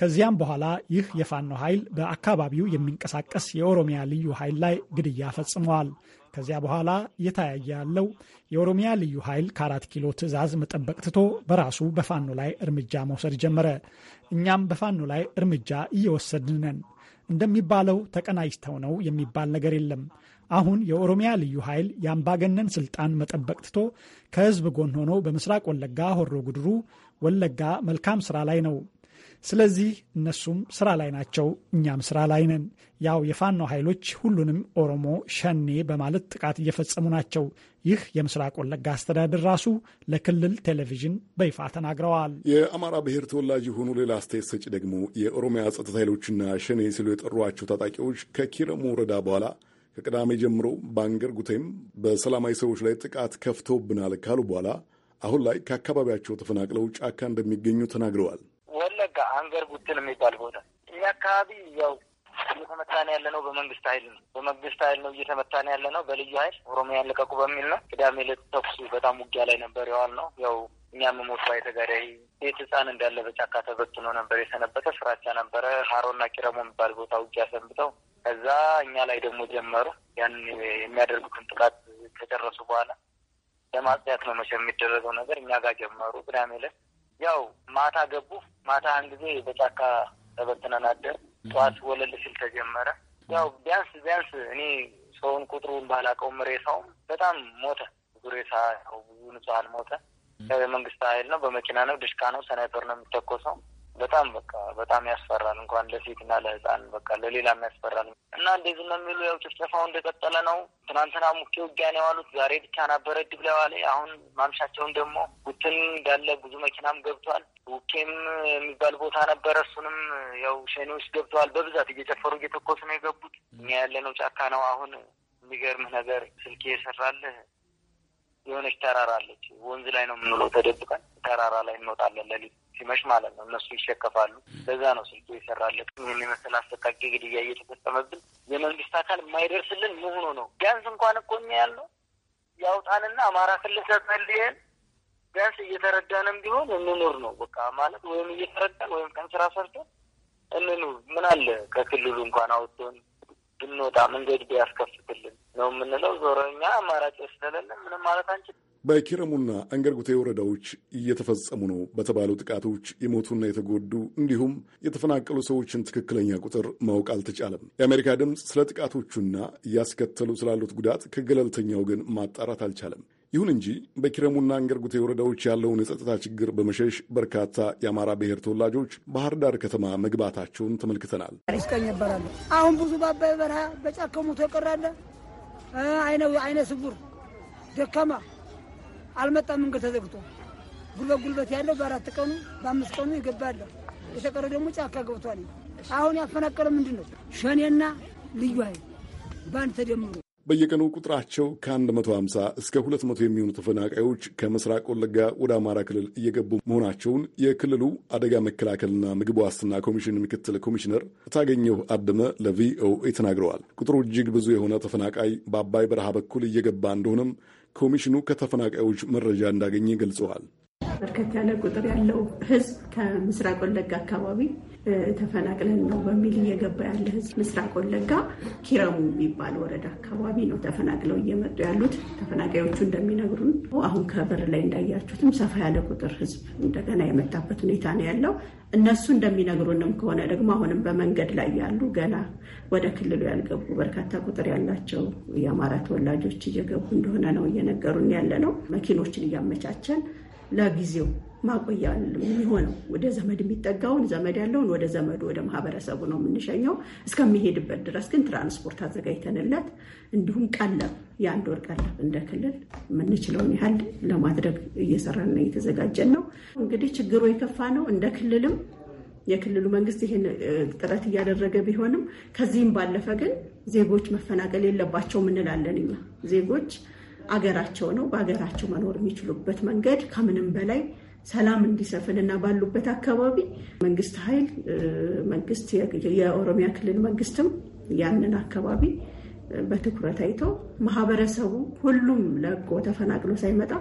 ከዚያም በኋላ ይህ የፋኖ ኃይል በአካባቢው የሚንቀሳቀስ የኦሮሚያ ልዩ ኃይል ላይ ግድያ ፈጽመዋል። ከዚያ በኋላ እየተያየ ያለው የኦሮሚያ ልዩ ኃይል ከአራት ኪሎ ትዕዛዝ መጠበቅ ትቶ በራሱ በፋኖ ላይ እርምጃ መውሰድ ጀመረ። እኛም በፋኖ ላይ እርምጃ እየወሰድን ነን። እንደሚባለው ተቀናጅተው ነው የሚባል ነገር የለም። አሁን የኦሮሚያ ልዩ ኃይል የአምባገነን ስልጣን መጠበቅ ትቶ ከህዝብ ጎን ሆኖ በምስራቅ ወለጋ ሆሮ ጉድሩ፣ ወለጋ መልካም ስራ ላይ ነው። ስለዚህ እነሱም ስራ ላይ ናቸው፣ እኛም ስራ ላይ ነን። ያው የፋኖ ኃይሎች ሁሉንም ኦሮሞ ሸኔ በማለት ጥቃት እየፈጸሙ ናቸው። ይህ የምስራቅ ወለጋ አስተዳደር ራሱ ለክልል ቴሌቪዥን በይፋ ተናግረዋል። የአማራ ብሔር ተወላጅ የሆኑ ሌላ አስተያየት ሰጪ ደግሞ የኦሮሚያ ጸጥታ ኃይሎችና ሸኔ ሲሉ የጠሯቸው ታጣቂዎች ከኪረሙ ወረዳ በኋላ ከቅዳሜ ጀምሮ በአንገር ጉቴም በሰላማዊ ሰዎች ላይ ጥቃት ከፍተውብናል ካሉ በኋላ አሁን ላይ ከአካባቢያቸው ተፈናቅለው ጫካ እንደሚገኙ ተናግረዋል። አንገር ቡትል የሚባል ቦታ ይህ አካባቢ ያው እየተመታን ያለ ነው በመንግስት ኃይል ነው በመንግስት ኃይል ነው እየተመታን ያለ ነው በልዩ ኃይል ኦሮሚያን ልቀቁ በሚል ነው። ቅዳሜ ዕለት ተኩሱ በጣም ውጊያ ላይ ነበር የዋል ነው ያው እኛም ሞት ባይ ተጋዳይ ሴት ህፃን እንዳለ በጫካ ተበትኖ ነበር የሰነበተ። ፍራቻ ነበረ። ሀሮና ቂረሞ የሚባል ቦታ ውጊያ ሰንብተው ከዛ እኛ ላይ ደግሞ ጀመሩ። ያን የሚያደርጉትን ጥቃት ከጨረሱ በኋላ ለማጽዳት ነው መቼም የሚደረገው ነገር እኛ ጋር ጀመሩ ቅዳሜ ዕለት ያው ማታ ገቡ። ማታ አንድ ጊዜ በጫካ ተበትነን አደር። ጠዋት ወለል ሲል ተጀመረ። ያው ቢያንስ ቢያንስ እኔ ሰውን ቁጥሩን ባላቀውም ሬሳውም በጣም ሞተ። ብዙ ሬሳ ያው ብዙ ንጹሀን ሞተ። ያው የመንግስት ኃይል ነው፣ በመኪና ነው፣ ድሽቃ ነው፣ ሰናይፐር ነው የሚተኮሰው። በጣም በቃ በጣም ያስፈራል። እንኳን ለሴትና ለህፃን በቃ ለሌላም ያስፈራል እና እንደዚህ ነው የሚሉ ያው ጭፍጨፋው እንደቀጠለ ነው። ትናንትና ሙኬ ውጊያ ነው የዋሉት። ዛሬ ብቻ ናበረድ ብለዋል። አሁን ማምሻቸውን ደግሞ ጉትን እንዳለ ብዙ መኪናም ገብቷል። ውኬም የሚባል ቦታ ነበረ። እሱንም ያው ሸኔዎች ገብተዋል። በብዛት እየጨፈሩ እየተኮሱ ነው የገቡት። እኛ ያለነው ጫካ ነው። አሁን የሚገርምህ ነገር ስልኬ የሰራልህ የሆነች ተራራ አለች። ወንዝ ላይ ነው የምንውለው ተደብቀን፣ ተራራ ላይ እንወጣለን ለሊት ሲመሽ ማለት ነው። እነሱ ይሸከፋሉ። በዛ ነው ስልኩ ይሰራለት። ይህን የመሰል አሰቃቂ ግድያ እየተፈጸመብን የመንግስት አካል የማይደርስልን መሆኑ ነው። ቢያንስ እንኳን እኮ እኛ ያልነው ያውጣንና አማራ ክልል ሰጠልን ቢያንስ እየተረዳንም ቢሆን እንኑር ነው በቃ ማለት ወይም እየተረዳን ወይም ቀን ስራ ሰርተን እንኑር። ምን አለ ከክልሉ እንኳን አውጥቶን ብንወጣ መንገድ ቢያስከፍትልን ነው የምንለው። ዞሮ እኛ አማራጭ ስለሌለ ምንም ማለት አንችል። በኪረሙና አንገርጉቴ ወረዳዎች እየተፈጸሙ ነው በተባሉ ጥቃቶች የሞቱና የተጎዱ እንዲሁም የተፈናቀሉ ሰዎችን ትክክለኛ ቁጥር ማወቅ አልተቻለም። የአሜሪካ ድምፅ ስለ ጥቃቶቹና እያስከተሉ ስላሉት ጉዳት ከገለልተኛ ወገን ማጣራት አልቻለም። ይሁን እንጂ በኪረሙና እንገርጉቴ ወረዳዎች ያለውን የጸጥታ ችግር በመሸሽ በርካታ የአማራ ብሔር ተወላጆች ባህር ዳር ከተማ መግባታቸውን ተመልክተናል። ስቀኝ አሁን ብዙ ባባይ በረሃ በጫከሙ ተቀራለ አይነ ስውር ደካማ አልመጣም። መንገድ ተዘግቶ ጉልበት ጉልበት ያለው በአራት ቀኑ በአምስት ቀኑ ይገባለ። የተቀረ ደግሞ ጫካ ገብቷል። አሁን ያፈናቀለ ምንድን ነው? ሸኔና ልዩ ኃይል በአንድ ተደምሮ በየቀኑ ቁጥራቸው ከ150 እስከ 200 የሚሆኑ ተፈናቃዮች ከምስራቅ ወለጋ ወደ አማራ ክልል እየገቡ መሆናቸውን የክልሉ አደጋ መከላከልና ምግብ ዋስትና ኮሚሽን ምክትል ኮሚሽነር ታገኘው አድመ ለቪኦኤ ተናግረዋል። ቁጥሩ እጅግ ብዙ የሆነ ተፈናቃይ በአባይ በረሃ በኩል እየገባ እንደሆነም ኮሚሽኑ ከተፈናቃዮች መረጃ እንዳገኘ ገልጸዋል። በርከት ያለ ቁጥር ያለው ሕዝብ ከምስራቅ ወለጋ አካባቢ ተፈናቅለን ነው በሚል እየገባ ያለ ህዝብ ምስራቅ ወለጋ ኪረሙ የሚባል ወረዳ አካባቢ ነው ተፈናቅለው እየመጡ ያሉት። ተፈናቃዮቹ እንደሚነግሩን አሁን ከበር ላይ እንዳያችሁትም ሰፋ ያለ ቁጥር ህዝብ እንደገና የመጣበት ሁኔታ ነው ያለው። እነሱ እንደሚነግሩንም ከሆነ ደግሞ አሁንም በመንገድ ላይ ያሉ ገና ወደ ክልሉ ያልገቡ በርካታ ቁጥር ያላቸው የአማራ ተወላጆች እየገቡ እንደሆነ ነው እየነገሩን ያለ ነው። መኪኖችን እያመቻቸን ለጊዜው ማቆያ የሚሆነው ወደ ዘመድ የሚጠጋውን ዘመድ ያለውን ወደ ዘመዱ ወደ ማህበረሰቡ ነው የምንሸኘው። እስከሚሄድበት ድረስ ግን ትራንስፖርት አዘጋጅተንለት እንዲሁም ቀለብ የአንድ ወር ቀለብ እንደ ክልል የምንችለውን ያህል ለማድረግ እየሰራና እየተዘጋጀን ነው። እንግዲህ ችግሩ የከፋ ነው። እንደ ክልልም የክልሉ መንግስት ይህን ጥረት እያደረገ ቢሆንም ከዚህም ባለፈ ግን ዜጎች መፈናቀል የለባቸውም እንላለን እኛ ዜጎች አገራቸው ነው። በሀገራቸው መኖር የሚችሉበት መንገድ ከምንም በላይ ሰላም እንዲሰፍን እና ባሉበት አካባቢ መንግስት ኃይል መንግስት የኦሮሚያ ክልል መንግስትም ያንን አካባቢ በትኩረት አይተው ማህበረሰቡ ሁሉም ለቆ ተፈናቅሎ ሳይመጣ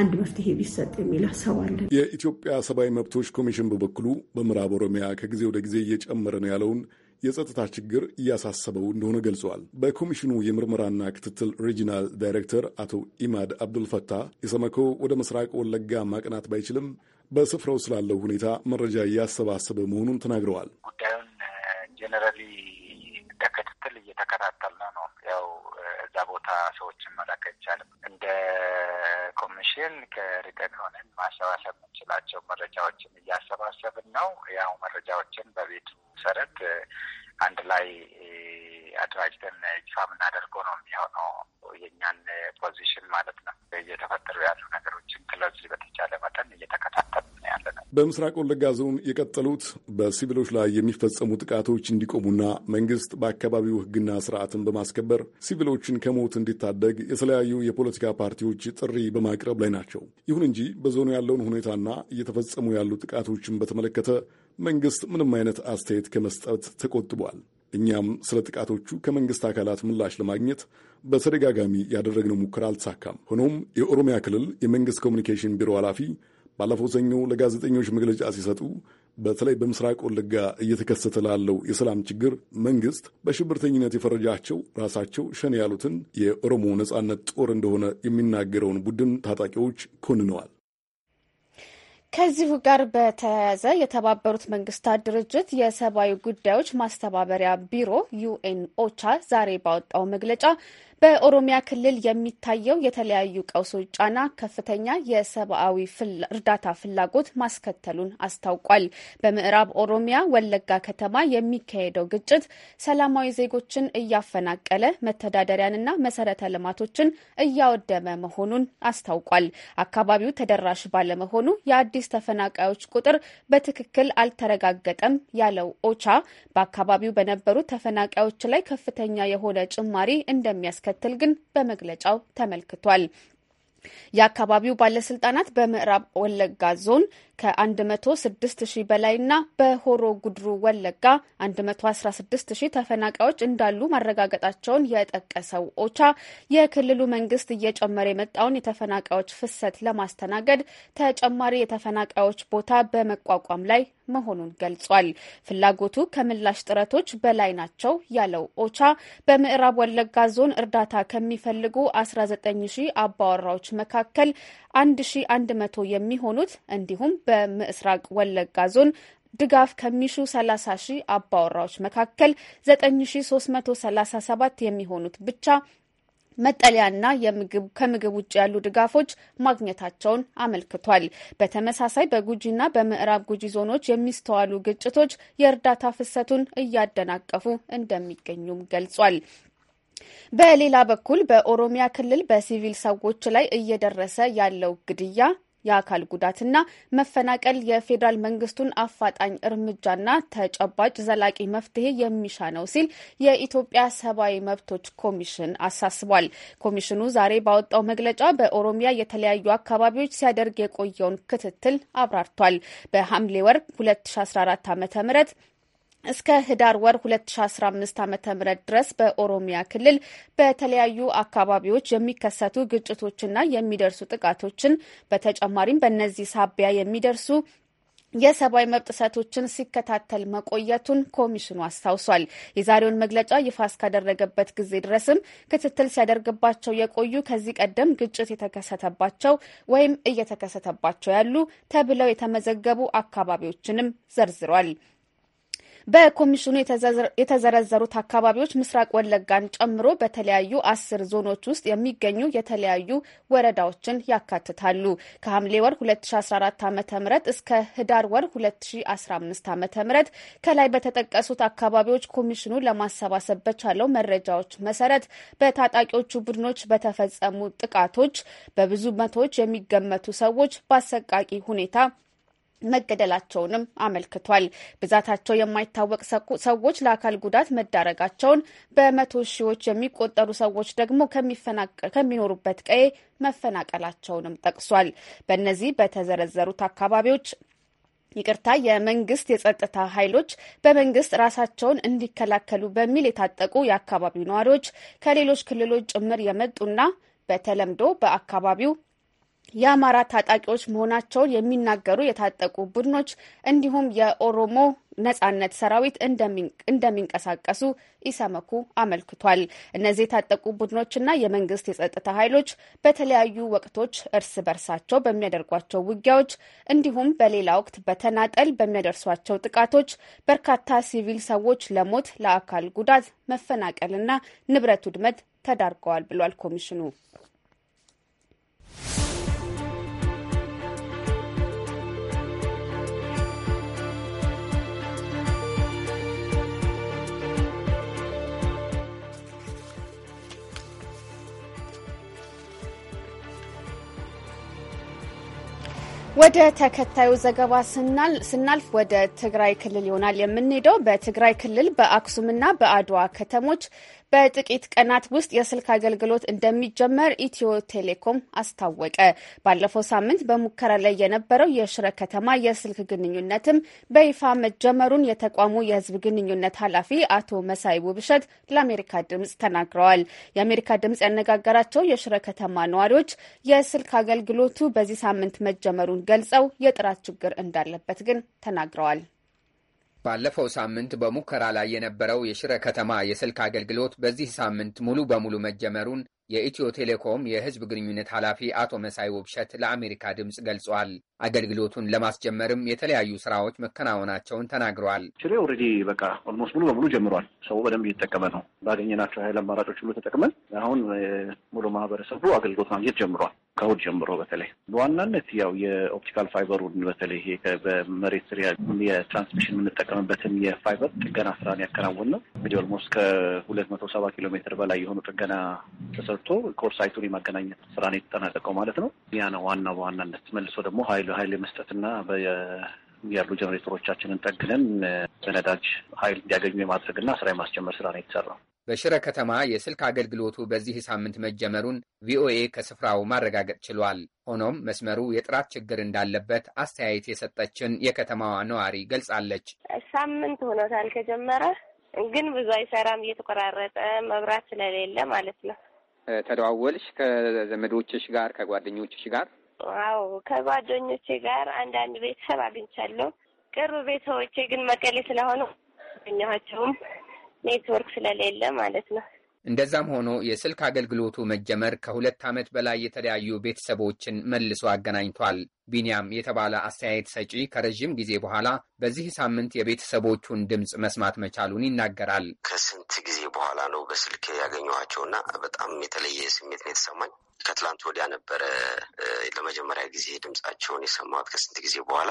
አንድ መፍትሄ ቢሰጥ የሚል ሀሳብ አለን። የኢትዮጵያ ሰብአዊ መብቶች ኮሚሽን በበኩሉ በምዕራብ ኦሮሚያ ከጊዜ ወደ ጊዜ እየጨመረ ነው ያለውን የጸጥታ ችግር እያሳሰበው እንደሆነ ገልጸዋል። በኮሚሽኑ የምርመራና ክትትል ሪጂናል ዳይሬክተር አቶ ኢማድ አብዱልፈታ የሰመኮ ወደ ምስራቅ ወለጋ ማቅናት ባይችልም በስፍራው ስላለው ሁኔታ መረጃ እያሰባሰበ መሆኑን ተናግረዋል። ጉዳዩን ጀነራሊ እንደ ክትትል እየተከታተልን ነው ያው እዛ ቦታ ሰዎችን መላክ አይቻልም። እንደ ኮሚሽን ከርቀት ሆነን ማሰባሰብ የምንችላቸው መረጃዎችን እያሰባሰብን ነው። ያው መረጃዎችን በቤቱ መሰረት አንድ ላይ አደራጅተን ይፋ የምናደርገው ነው የሚሆነው የኛን ፖዚሽን ማለት ነው። እየተፈጠሩ ያሉ ነገሮችን ክለዚህ በተቻለ መጠን እየተከታተል ነው ያለ ነው። በምስራቅ ወለጋ ዞን የቀጠሉት በሲቪሎች ላይ የሚፈጸሙ ጥቃቶች እንዲቆሙና መንግስት በአካባቢው ሕግና ስርዓትን በማስከበር ሲቪሎችን ከሞት እንዲታደግ የተለያዩ የፖለቲካ ፓርቲዎች ጥሪ በማቅረብ ላይ ናቸው። ይሁን እንጂ በዞኑ ያለውን ሁኔታና እየተፈጸሙ ያሉ ጥቃቶችን በተመለከተ መንግስት ምንም አይነት አስተያየት ከመስጠት ተቆጥቧል። እኛም ስለ ጥቃቶቹ ከመንግስት አካላት ምላሽ ለማግኘት በተደጋጋሚ ያደረግነው ሙከራ አልተሳካም። ሆኖም የኦሮሚያ ክልል የመንግስት ኮሚኒኬሽን ቢሮ ኃላፊ ባለፈው ሰኞ ለጋዜጠኞች መግለጫ ሲሰጡ በተለይ በምስራቅ ወለጋ እየተከሰተ ላለው የሰላም ችግር መንግስት በሽብርተኝነት የፈረጃቸው ራሳቸው ሸኔ ያሉትን የኦሮሞ ነጻነት ጦር እንደሆነ የሚናገረውን ቡድን ታጣቂዎች ኮንነዋል። ከዚሁ ጋር በተያያዘ የተባበሩት መንግስታት ድርጅት የሰብአዊ ጉዳዮች ማስተባበሪያ ቢሮ ዩኤን ኦቻ ዛሬ ባወጣው መግለጫ በኦሮሚያ ክልል የሚታየው የተለያዩ ቀውሶች ጫና ከፍተኛ የሰብአዊ እርዳታ ፍላጎት ማስከተሉን አስታውቋል። በምዕራብ ኦሮሚያ ወለጋ ከተማ የሚካሄደው ግጭት ሰላማዊ ዜጎችን እያፈናቀለ መተዳደሪያንና መሰረተ ልማቶችን እያወደመ መሆኑን አስታውቋል። አካባቢው ተደራሽ ባለመሆኑ የአዲስ ተፈናቃዮች ቁጥር በትክክል አልተረጋገጠም ያለው ኦቻ በአካባቢው በነበሩ ተፈናቃዮች ላይ ከፍተኛ የሆነ ጭማሪ እንደሚያስከ እንደሚያስከትል ግን በመግለጫው ተመልክቷል። የአካባቢው ባለስልጣናት በምዕራብ ወለጋ ዞን ከ106 ሺህ በላይና በሆሮ ጉድሩ ወለጋ 116 ሺህ ተፈናቃዮች እንዳሉ ማረጋገጣቸውን የጠቀሰው ኦቻ የክልሉ መንግስት እየጨመረ የመጣውን የተፈናቃዮች ፍሰት ለማስተናገድ ተጨማሪ የተፈናቃዮች ቦታ በመቋቋም ላይ መሆኑን ገልጿል። ፍላጎቱ ከምላሽ ጥረቶች በላይ ናቸው ያለው ኦቻ በምዕራብ ወለጋ ዞን እርዳታ ከሚፈልጉ 19 ሺህ አባወራዎች መካከል 1100 የሚሆኑት እንዲሁም በምስራቅ ወለጋ ዞን ድጋፍ ከሚሹ 30 ሺህ አባወራዎች መካከል 9337 የሚሆኑት ብቻ መጠለያና ከምግብ ውጭ ያሉ ድጋፎች ማግኘታቸውን አመልክቷል። በተመሳሳይ በጉጂና በምዕራብ ጉጂ ዞኖች የሚስተዋሉ ግጭቶች የእርዳታ ፍሰቱን እያደናቀፉ እንደሚገኙም ገልጿል። በሌላ በኩል በኦሮሚያ ክልል በሲቪል ሰዎች ላይ እየደረሰ ያለው ግድያ የአካል ጉዳትና መፈናቀል የፌዴራል መንግስቱን አፋጣኝ እርምጃና ተጨባጭ ዘላቂ መፍትሄ የሚሻ ነው ሲል የኢትዮጵያ ሰብአዊ መብቶች ኮሚሽን አሳስቧል። ኮሚሽኑ ዛሬ ባወጣው መግለጫ በኦሮሚያ የተለያዩ አካባቢዎች ሲያደርግ የቆየውን ክትትል አብራርቷል። በሐምሌ ወር 2014 ዓ ም እስከ ህዳር ወር 2015 ዓ ም ድረስ በኦሮሚያ ክልል በተለያዩ አካባቢዎች የሚከሰቱ ግጭቶችና የሚደርሱ ጥቃቶችን በተጨማሪም በእነዚህ ሳቢያ የሚደርሱ የሰብአዊ መብት ጥሰቶችን ሲከታተል መቆየቱን ኮሚሽኑ አስታውሷል። የዛሬውን መግለጫ ይፋ እስካደረገበት ጊዜ ድረስም ክትትል ሲያደርግባቸው የቆዩ ከዚህ ቀደም ግጭት የተከሰተባቸው ወይም እየተከሰተባቸው ያሉ ተብለው የተመዘገቡ አካባቢዎችንም ዘርዝሯል። በኮሚሽኑ የተዘረዘሩት አካባቢዎች ምስራቅ ወለጋን ጨምሮ በተለያዩ አስር ዞኖች ውስጥ የሚገኙ የተለያዩ ወረዳዎችን ያካትታሉ። ከሐምሌ ወር 2014 ዓ ም እስከ ህዳር ወር 2015 ዓ ም ከላይ በተጠቀሱት አካባቢዎች ኮሚሽኑ ለማሰባሰብ በቻለው መረጃዎች መሰረት በታጣቂዎቹ ቡድኖች በተፈጸሙ ጥቃቶች በብዙ መቶዎች የሚገመቱ ሰዎች በአሰቃቂ ሁኔታ መገደላቸውንም አመልክቷል። ብዛታቸው የማይታወቅ ሰዎች ለአካል ጉዳት መዳረጋቸውን፣ በመቶ ሺዎች የሚቆጠሩ ሰዎች ደግሞ ከሚኖሩበት ቀዬ መፈናቀላቸውንም ጠቅሷል። በእነዚህ በተዘረዘሩት አካባቢዎች ይቅርታ የመንግስት የጸጥታ ኃይሎች በመንግስት ራሳቸውን እንዲከላከሉ በሚል የታጠቁ የአካባቢው ነዋሪዎች ከሌሎች ክልሎች ጭምር የመጡና በተለምዶ በአካባቢው የአማራ ታጣቂዎች መሆናቸውን የሚናገሩ የታጠቁ ቡድኖች እንዲሁም የኦሮሞ ነጻነት ሰራዊት እንደሚንቀሳቀሱ ኢሰመኩ አመልክቷል። እነዚህ የታጠቁ ቡድኖችና የመንግስት የጸጥታ ኃይሎች በተለያዩ ወቅቶች እርስ በርሳቸው በሚያደርጓቸው ውጊያዎች እንዲሁም በሌላ ወቅት በተናጠል በሚያደርሷቸው ጥቃቶች በርካታ ሲቪል ሰዎች ለሞት፣ ለአካል ጉዳት፣ መፈናቀልና ንብረት ውድመት ተዳርገዋል ብሏል ኮሚሽኑ። ወደ ተከታዩ ዘገባ ስናልፍ ወደ ትግራይ ክልል ይሆናል የምንሄደው። በትግራይ ክልል በአክሱምና በአድዋ ከተሞች በጥቂት ቀናት ውስጥ የስልክ አገልግሎት እንደሚጀመር ኢትዮ ቴሌኮም አስታወቀ። ባለፈው ሳምንት በሙከራ ላይ የነበረው የሽረ ከተማ የስልክ ግንኙነትም በይፋ መጀመሩን የተቋሙ የህዝብ ግንኙነት ኃላፊ አቶ መሳይ ውብሸት ለአሜሪካ ድምጽ ተናግረዋል። የአሜሪካ ድምጽ ያነጋገራቸው የሽረ ከተማ ነዋሪዎች የስልክ አገልግሎቱ በዚህ ሳምንት መጀመሩን ገልጸው የጥራት ችግር እንዳለበት ግን ተናግረዋል። ባለፈው ሳምንት በሙከራ ላይ የነበረው የሽረ ከተማ የስልክ አገልግሎት በዚህ ሳምንት ሙሉ በሙሉ መጀመሩን የኢትዮ ቴሌኮም የህዝብ ግንኙነት ኃላፊ አቶ መሳይ ውብሸት ለአሜሪካ ድምፅ ገልጿል። አገልግሎቱን ለማስጀመርም የተለያዩ ስራዎች መከናወናቸውን ተናግረዋል። ሽሬ ኦልሬዲ በቃ ኦልሞስት ሙሉ በሙሉ ጀምሯል። ሰው በደንብ እየተጠቀመ ነው። ባገኘናቸው ኃይል አማራጮች ሁሉ ተጠቅመን አሁን ሙሉ ማህበረሰቡ አገልግሎት ማግኘት ጀምሯል። ከሁድ ጀምሮ በተለይ በዋናነት ያው የኦፕቲካል ፋይበሩን በተለይ ይሄ በመሬት ስር የትራንስሚሽን የምንጠቀምበትን የፋይበር ጥገና ስራን ያከናወን ነው። እንግዲህ ኦልሞስት ከሁለት መቶ ሰባ ኪሎ ሜትር በላይ የሆኑ ጥገና ተሰርቶ ኮርሳይቱን የማገናኘት ስራ የተጠናቀቀው ማለት ነው። ያ ነው ዋና በዋናነት መልሶ ደግሞ ሀይል ሀይል የመስጠትና ያሉ ጀኔሬተሮቻችንን ጠግነን በነዳጅ ሀይል እንዲያገኙ የማድረግና ስራ የማስጀመር ስራ ነው የተሰራው። በሽረ ከተማ የስልክ አገልግሎቱ በዚህ ሳምንት መጀመሩን ቪኦኤ ከስፍራው ማረጋገጥ ችሏል። ሆኖም መስመሩ የጥራት ችግር እንዳለበት አስተያየት የሰጠችን የከተማዋ ነዋሪ ገልጻለች። ሳምንት ሆኖታል ከጀመረ፣ ግን ብዙ አይሰራም፣ እየተቆራረጠ መብራት ስለሌለ ማለት ነው። ተደዋወልሽ ከዘመዶችሽ ጋር ከጓደኞችሽ ጋር? አዎ ከጓደኞቼ ጋር አንዳንድ ቤተሰብ አግኝቻለሁ። ቅርብ ቤተሰቦቼ ግን መቀሌ ስለሆኑ አገኘኋቸውም ኔትወርክ ስለሌለ ማለት ነው። እንደዛም ሆኖ የስልክ አገልግሎቱ መጀመር ከሁለት ዓመት በላይ የተለያዩ ቤተሰቦችን መልሶ አገናኝቷል። ቢንያም የተባለ አስተያየት ሰጪ ከረዥም ጊዜ በኋላ በዚህ ሳምንት የቤተሰቦቹን ድምፅ መስማት መቻሉን ይናገራል። ከስንት ጊዜ በኋላ ነው በስልክ ያገኘኋቸውና በጣም የተለየ ስሜት ነው የተሰማኝ። ከትላንት ወዲያ ነበረ ለመጀመሪያ ጊዜ ድምፃቸውን የሰማሁት። ከስንት ጊዜ በኋላ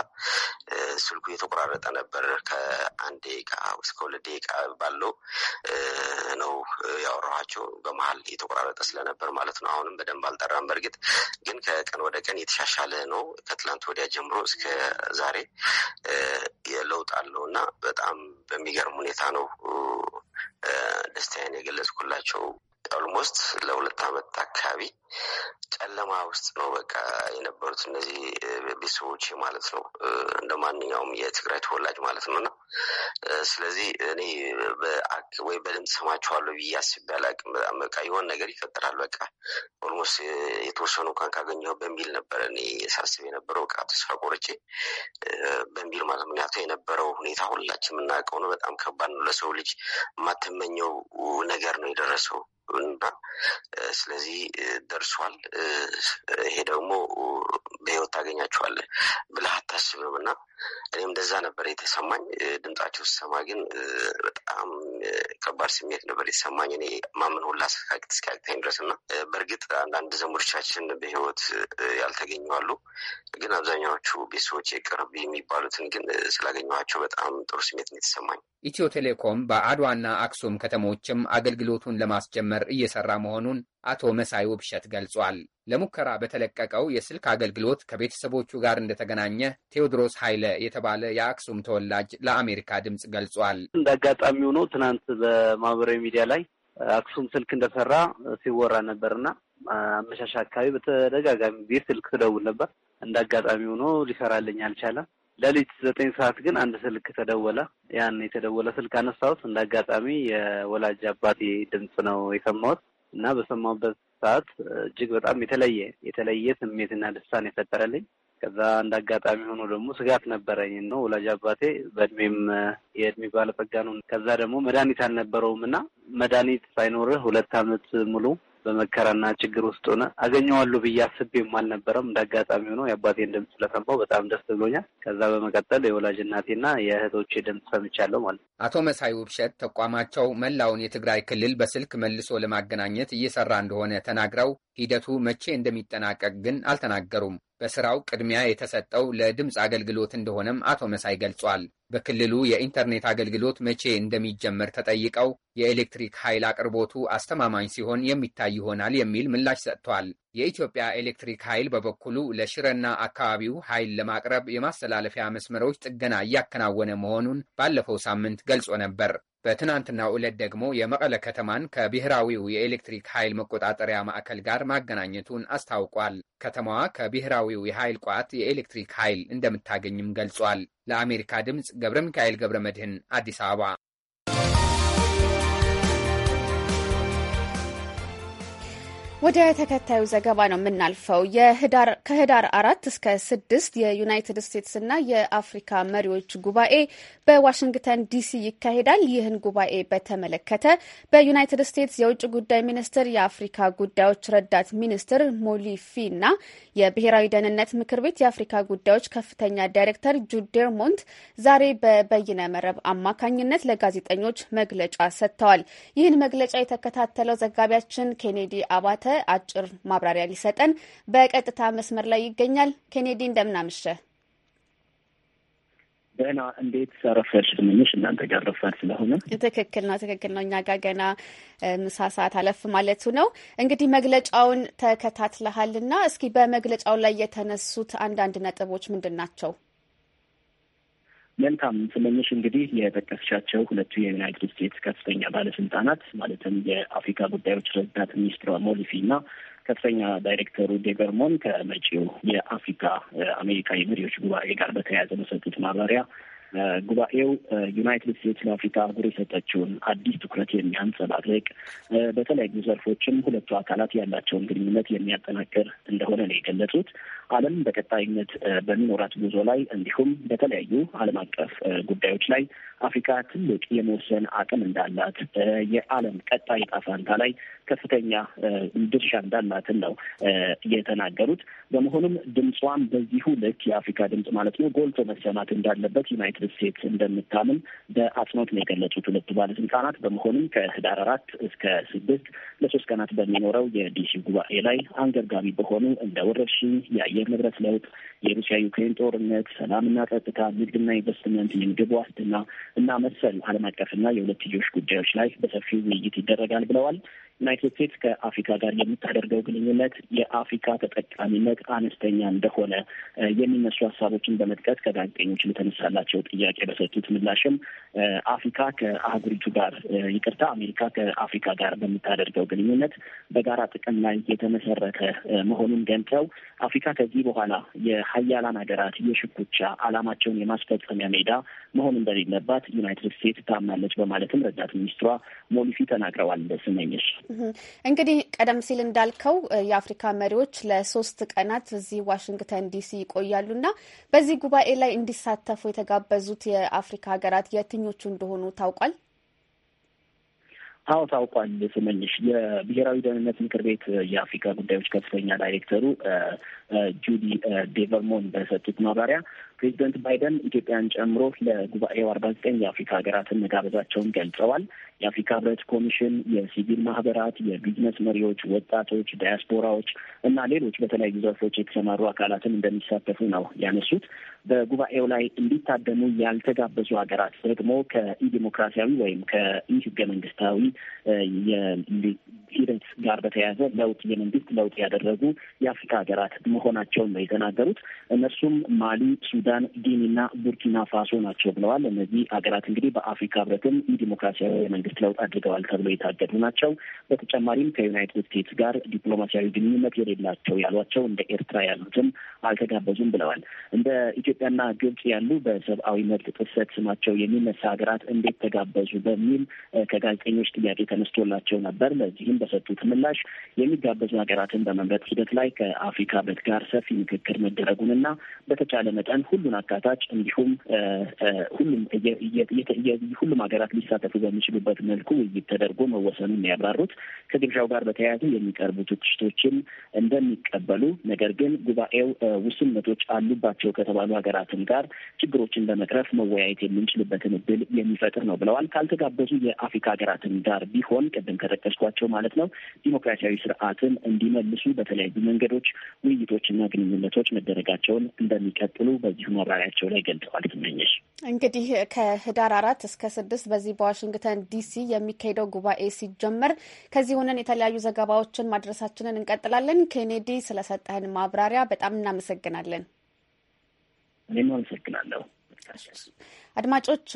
ስልኩ የተቆራረጠ ነበር። ከአንድ ደቂቃ እስከ ሁለት ደቂቃ ባለው ነው ያወራኋቸው። በመሀል የተቆራረጠ ስለነበር ማለት ነው። አሁንም በደንብ አልጠራም። በእርግጥ ግን ከቀን ወደ ቀን የተሻሻለ ነው። ከትላንት ወዲያ ጀምሮ እስከ ዛሬ የለውጥ አለው እና በጣም በሚገርም ሁኔታ ነው ደስታዬን የገለጽኩላቸው። ኦልሞስት ለሁለት አመት አካባቢ ጨለማ ውስጥ ነው በቃ የነበሩት እነዚህ ቤተሰቦች ማለት ነው፣ እንደ ማንኛውም የትግራይ ተወላጅ ማለት ነው። እና ስለዚህ እኔ ወይ በድምፅ ሰማችኋለሁ ብዬ አስቤ አላቅም። በቃ የሆን ነገር ይፈጠራል በቃ ኦልሞስት የተወሰኑ እንኳን ካገኘው በሚል ነበረ እኔ ሳስብ የነበረው በቃ ተስፋ ቆርጬ በሚል ማለት ምክንያቱ የነበረው ሁኔታ ሁላችን የምናውቀው ነው። በጣም ከባድ ነው። ለሰው ልጅ የማትመኘው ነገር ነው የደረሰው እና ስለዚህ ደርሷል። ይሄ ደግሞ በህይወት ታገኛቸዋለህ ብለህ አታስብም። እና እኔም እንደዛ ነበር የተሰማኝ። ድምጻቸው ስሰማ ግን በጣም ከባድ ስሜት ነበር የተሰማኝ። እኔ ማምን ሁላ አሰቃቂ እስኪያቅተኝ ድረስ እና በእርግጥ አንዳንድ ዘመዶቻችን በህይወት ያልተገኙ አሉ። ግን አብዛኛዎቹ ቤተሰቦች ቅርብ የሚባሉትን ግን ስላገኘኋቸው በጣም ጥሩ ስሜት ነው የተሰማኝ። ኢትዮ ቴሌኮም በአድዋና አክሱም ከተሞችም አገልግሎቱን ለማስጀመር እየሰራ መሆኑን አቶ መሳይ ውብሸት ገልጿል። ለሙከራ በተለቀቀው የስልክ አገልግሎት ከቤተሰቦቹ ጋር እንደተገናኘ ቴዎድሮስ ኃይለ የተባለ የአክሱም ተወላጅ ለአሜሪካ ድምፅ ገልጿል። እንደ አጋጣሚ ሆኖ ትናንት በማህበራዊ ሚዲያ ላይ አክሱም ስልክ እንደሰራ ሲወራ ነበርና አመሻሻ አካባቢ በተደጋጋሚ ጊዜ ስልክ ትደውል ነበር። እንደ አጋጣሚ ሆኖ ሊሰራልኝ አልቻለም። ለሊት ዘጠኝ ሰዓት ግን አንድ ስልክ ተደወለ። ያን የተደወለ ስልክ አነሳሁት። እንደ አጋጣሚ የወላጅ አባቴ ድምፅ ነው የሰማሁት። እና በሰማሁበት ሰዓት እጅግ በጣም የተለየ የተለየ ስሜትና ደስታን የፈጠረልኝ ከዛ እንደ አጋጣሚ ሆኖ ደግሞ ስጋት ነበረኝ ነው ወላጅ አባቴ በእድሜም የእድሜ ባለጸጋ ነው። ከዛ ደግሞ መድኃኒት አልነበረውም እና መድኃኒት ሳይኖርህ ሁለት አመት ሙሉ በመከራና ችግር ውስጥ ሆነ አገኘዋለሁ ብዬ አስቤም አልነበረም። እንደ አጋጣሚ ሆኖ የአባቴን ድምፅ ስለሰማሁ በጣም ደስ ብሎኛል። ከዛ በመቀጠል የወላጅ እናቴና የእህቶቼ ድምፅ ሰምቻለሁ ማለት ነው። አቶ መሳይ ውብሸት ተቋማቸው መላውን የትግራይ ክልል በስልክ መልሶ ለማገናኘት እየሰራ እንደሆነ ተናግረው ሂደቱ መቼ እንደሚጠናቀቅ ግን አልተናገሩም። በስራው ቅድሚያ የተሰጠው ለድምፅ አገልግሎት እንደሆነም አቶ መሳይ ገልጿል። በክልሉ የኢንተርኔት አገልግሎት መቼ እንደሚጀመር ተጠይቀው የኤሌክትሪክ ኃይል አቅርቦቱ አስተማማኝ ሲሆን የሚታይ ይሆናል የሚል ምላሽ ሰጥቷል። የኢትዮጵያ ኤሌክትሪክ ኃይል በበኩሉ ለሽረና አካባቢው ኃይል ለማቅረብ የማስተላለፊያ መስመሮች ጥገና እያከናወነ መሆኑን ባለፈው ሳምንት ገልጾ ነበር። በትናንትናው ዕለት ደግሞ የመቀለ ከተማን ከብሔራዊው የኤሌክትሪክ ኃይል መቆጣጠሪያ ማዕከል ጋር ማገናኘቱን አስታውቋል። ከተማዋ ከብሔራዊው የኃይል ቋት የኤሌክትሪክ ኃይል እንደምታገኝም ገልጿል። ለአሜሪካ ድምፅ ገብረ ሚካኤል ገብረ መድህን አዲስ አበባ ወደ ተከታዩ ዘገባ ነው የምናልፈው። ከህዳር አራት እስከ ስድስት የዩናይትድ ስቴትስና የአፍሪካ መሪዎች ጉባኤ በዋሽንግተን ዲሲ ይካሄዳል። ይህን ጉባኤ በተመለከተ በዩናይትድ ስቴትስ የውጭ ጉዳይ ሚኒስትር የአፍሪካ ጉዳዮች ረዳት ሚኒስትር ሞሊፊ እና የብሔራዊ ደህንነት ምክር ቤት የአፍሪካ ጉዳዮች ከፍተኛ ዳይሬክተር ጁድ ዴርሞንት ዛሬ በበይነ መረብ አማካኝነት ለጋዜጠኞች መግለጫ ሰጥተዋል። ይህን መግለጫ የተከታተለው ዘጋቢያችን ኬኔዲ አባተ አጭር ማብራሪያ ሊሰጠን በቀጥታ መስመር ላይ ይገኛል። ኬኔዲ እንደምናመሸ ገና እንዴት ሰረፈሽ ትንሽ እናንተ ጋር ረፋድ ስለሆነ ትክክል ነው፣ ትክክል ነው። እኛ ጋር ገና ምሳ ሰዓት አለፍ ማለቱ ነው። እንግዲህ መግለጫውን ተከታትለሃል እና እስኪ በመግለጫው ላይ የተነሱት አንዳንድ ነጥቦች ምንድን ናቸው? መልካም ስመኝሽ፣ እንግዲህ የጠቀስሻቸው ሁለቱ የዩናይትድ ስቴትስ ከፍተኛ ባለስልጣናት ማለትም የአፍሪካ ጉዳዮች ረዳት ሚኒስትሯ ሞሊፊ እና ከፍተኛ ዳይሬክተሩ ዴቨርሞን ከመጪው የአፍሪካ አሜሪካ የመሪዎች ጉባኤ ጋር በተያያዘ በሰጡት ማብራሪያ ጉባኤው ዩናይትድ ስቴትስ ለአፍሪካ አህጉር የሰጠችውን አዲስ ትኩረት የሚያንጸባርቅ በተለያዩ ዘርፎችም ሁለቱ አካላት ያላቸውን ግንኙነት የሚያጠናክር እንደሆነ ነው የገለጹት። ዓለም በቀጣይነት በሚኖራት ጉዞ ላይ እንዲሁም በተለያዩ ዓለም አቀፍ ጉዳዮች ላይ አፍሪካ ትልቅ የመወሰን አቅም እንዳላት የዓለም ቀጣይ ዕጣ ፈንታ ላይ ከፍተኛ ድርሻ እንዳላትን ነው የተናገሩት። በመሆኑም ድምጿን በዚሁ ልክ የአፍሪካ ድምጽ ማለት ነው ጎልቶ መሰማት እንዳለበት ዩናይትድ ስቴትስ እንደምታምን በአጽንኦት ነው የገለጹት ሁለቱ ባለስልጣናት። በመሆኑም ከህዳር አራት እስከ ስድስት ለሶስት ቀናት በሚኖረው የዲሲ ጉባኤ ላይ አንገርጋሚ በሆኑ እንደ ወረርሽኝ፣ የአየር ንብረት ለውጥ፣ የሩሲያ ዩክሬን ጦርነት፣ ሰላምና ጸጥታ፣ ንግድና ኢንቨስትመንት፣ የምግብ ዋስትና እና መሰል ዓለም አቀፍና የሁለትዮሽ ጉዳዮች ላይ በሰፊው ውይይት ይደረጋል ብለዋል። ዩናይትድ ስቴትስ ከአፍሪካ ጋር የምታደርገው ግንኙነት የአፍሪካ ተጠቃሚነት አነስተኛ እንደሆነ የሚነሱ ሀሳቦችን በመጥቀስ ከጋዜጠኞች ለተነሳላቸው ጥያቄ በሰጡት ምላሽም አፍሪካ ከአህጉሪቱ ጋር ይቅርታ፣ አሜሪካ ከአፍሪካ ጋር በምታደርገው ግንኙነት በጋራ ጥቅም ላይ የተመሰረተ መሆኑን ገልጸው አፍሪካ ከዚህ በኋላ የሀያላን ሀገራት የሽኩቻ ዓላማቸውን የማስፈጸሚያ ሜዳ መሆን እንደሌለባት ዩናይትድ ስቴትስ ታምናለች በማለትም ረዳት ሚኒስትሯ ሞሊፊ ተናግረዋል። ስመኝሽ እንግዲህ ቀደም ሲል እንዳልከው የአፍሪካ መሪዎች ለሶስት ቀናት እዚህ ዋሽንግተን ዲሲ ይቆያሉ እና በዚህ ጉባኤ ላይ እንዲሳተፉ የተጋበዙት የአፍሪካ ሀገራት የትኞቹ እንደሆኑ ታውቋል? አዎ ታውቋል። ስመኝሽ የብሔራዊ ደህንነት ምክር ቤት የአፍሪካ ጉዳዮች ከፍተኛ ዳይሬክተሩ ጁዲ ዴቨርሞን በሰጡት ማብራሪያ ፕሬዚደንት ባይደን ኢትዮጵያን ጨምሮ ለጉባኤው አርባ ዘጠኝ የአፍሪካ ሀገራትን መጋበዛቸውን ገልጸዋል። የአፍሪካ ህብረት ኮሚሽን፣ የሲቪል ማህበራት፣ የቢዝነስ መሪዎች፣ ወጣቶች፣ ዳያስፖራዎች እና ሌሎች በተለያዩ ዘርፎች የተሰማሩ አካላትን እንደሚሳተፉ ነው ያነሱት። በጉባኤው ላይ እንዲታደሙ ያልተጋበዙ ሀገራት ደግሞ ከኢዲሞክራሲያዊ ወይም ከኢህገ መንግስታዊ ሂደት ጋር በተያያዘ ለውጥ የመንግስት ለውጥ ያደረጉ የአፍሪካ ሀገራት መሆናቸውን ነው የተናገሩት። እነሱም ማሊ፣ ሱዳን፣ ጊኒና ቡርኪና ፋሶ ናቸው ብለዋል። እነዚህ ሀገራት እንግዲህ በአፍሪካ ህብረትም ዲሞክራሲያዊ የመንግስት ለውጥ አድርገዋል ተብሎ የታገዱ ናቸው። በተጨማሪም ከዩናይትድ ስቴትስ ጋር ዲፕሎማሲያዊ ግንኙነት የሌላቸው ያሏቸው እንደ ኤርትራ ያሉትም አልተጋበዙም ብለዋል። እንደ ኢትዮጵያና ግብጽ ያሉ በሰብአዊ መብት ጥሰት ስማቸው የሚነሳ ሀገራት እንዴት ተጋበዙ በሚል ከጋዜጠኞች ጥያቄ ተነስቶላቸው ነበር። ለዚህም በሰጡት ምላሽ የሚጋበዙ ሀገራትን በመምረጥ ሂደት ላይ ከአፍሪካ ህብረት ጋር ሰፊ ምክክር መደረጉንና በተቻለ መጠን ሁሉን አካታች እንዲሁም ሁሉም ሁሉም ሀገራት ሊሳተፉ በሚችሉበት መልኩ ውይይት ተደርጎ መወሰኑን ያብራሩት ከግብዣው ጋር በተያያዙ የሚቀርቡ ትችቶችን እንደሚቀበሉ ነገር ግን ጉባኤው ውስነቶች አሉባቸው ከተባሉ ሀገራትም ጋር ችግሮችን ለመቅረፍ መወያየት የምንችልበትን እድል የሚፈጥር ነው ብለዋል። ካልተጋበዙ የአፍሪካ ሀገራትም ጋር ቢሆን ቅድም ከጠቀስኳቸው ማለት ነው ዲሞክራሲያዊ ስርዓትን እንዲመልሱ በተለያዩ መንገዶች ውይይቶ ውይይቶችና ግንኙነቶች መደረጋቸውን እንደሚቀጥሉ በዚሁ ማብራሪያቸው ላይ ገልጠዋል። ትመኘሽ እንግዲህ ከህዳር አራት እስከ ስድስት በዚህ በዋሽንግተን ዲሲ የሚካሄደው ጉባኤ ሲጀመር ከዚህ ሆነን የተለያዩ ዘገባዎችን ማድረሳችንን እንቀጥላለን። ኬኔዲ ስለሰጠህን ማብራሪያ በጣም እናመሰግናለን። እኔም አመሰግናለሁ። አድማጮች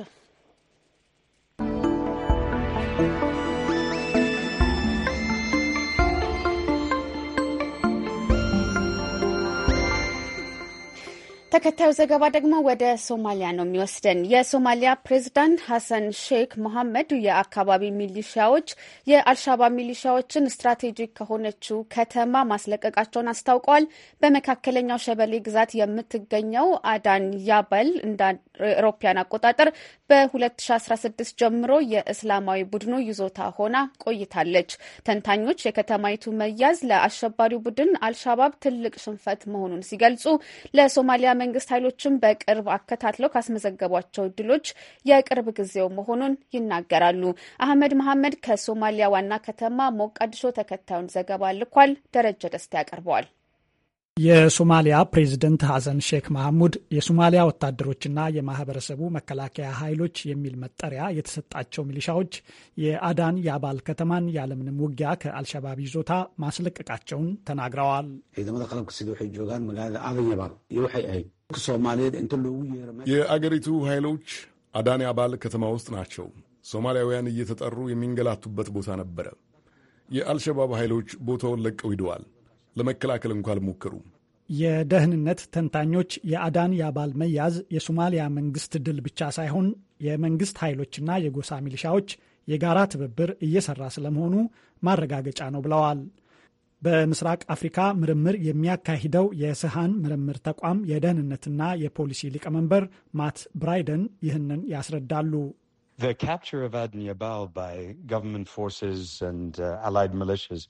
ተከታዩ ዘገባ ደግሞ ወደ ሶማሊያ ነው የሚወስደን። የሶማሊያ ፕሬዝዳንት ሐሰን ሼክ መሐመድ የአካባቢ ሚሊሻዎች የአልሻባብ ሚሊሻዎችን ስትራቴጂክ ከሆነችው ከተማ ማስለቀቃቸውን አስታውቀዋል። በመካከለኛው ሸበሌ ግዛት የምትገኘው አዳን ያበል እንደ አውሮፓውያን አቆጣጠር በ2016 ጀምሮ የእስላማዊ ቡድኑ ይዞታ ሆና ቆይታለች። ተንታኞች የከተማይቱ መያዝ ለአሸባሪው ቡድን አልሻባብ ትልቅ ሽንፈት መሆኑን ሲገልጹ ለሶማሊያ መንግስት ኃይሎችን በቅርብ አከታትለው ካስመዘገቧቸው ድሎች የቅርብ ጊዜው መሆኑን ይናገራሉ። አህመድ መሐመድ ከሶማሊያ ዋና ከተማ ሞቃዲሾ ተከታዩን ዘገባ ልኳል። ደረጀ ደስታ ያቀርበዋል። የሶማሊያ ፕሬዝደንት ሐሰን ሼክ መሐሙድ የሶማሊያ ወታደሮችና የማህበረሰቡ መከላከያ ኃይሎች የሚል መጠሪያ የተሰጣቸው ሚሊሻዎች የአዳን የአባል ከተማን ያለምንም ውጊያ ከአልሸባብ ይዞታ ማስለቀቃቸውን ተናግረዋል። የአገሪቱ ኃይሎች አዳን የአባል ከተማ ውስጥ ናቸው። ሶማሊያውያን እየተጠሩ የሚንገላቱበት ቦታ ነበረ። የአልሸባብ ኃይሎች ቦታውን ለቀው ሂደዋል። ለመከላከል እንኳ አልሞከሩም። የደህንነት ተንታኞች የአዳን ያባል መያዝ የሶማሊያ መንግስት ድል ብቻ ሳይሆን የመንግስት ኃይሎችና የጎሳ ሚሊሻዎች የጋራ ትብብር እየሰራ ስለመሆኑ ማረጋገጫ ነው ብለዋል። በምስራቅ አፍሪካ ምርምር የሚያካሂደው የስሃን ምርምር ተቋም የደህንነትና የፖሊሲ ሊቀመንበር ማት ብራይደን ይህንን ያስረዳሉ። The capture of by government forces and uh, allied militias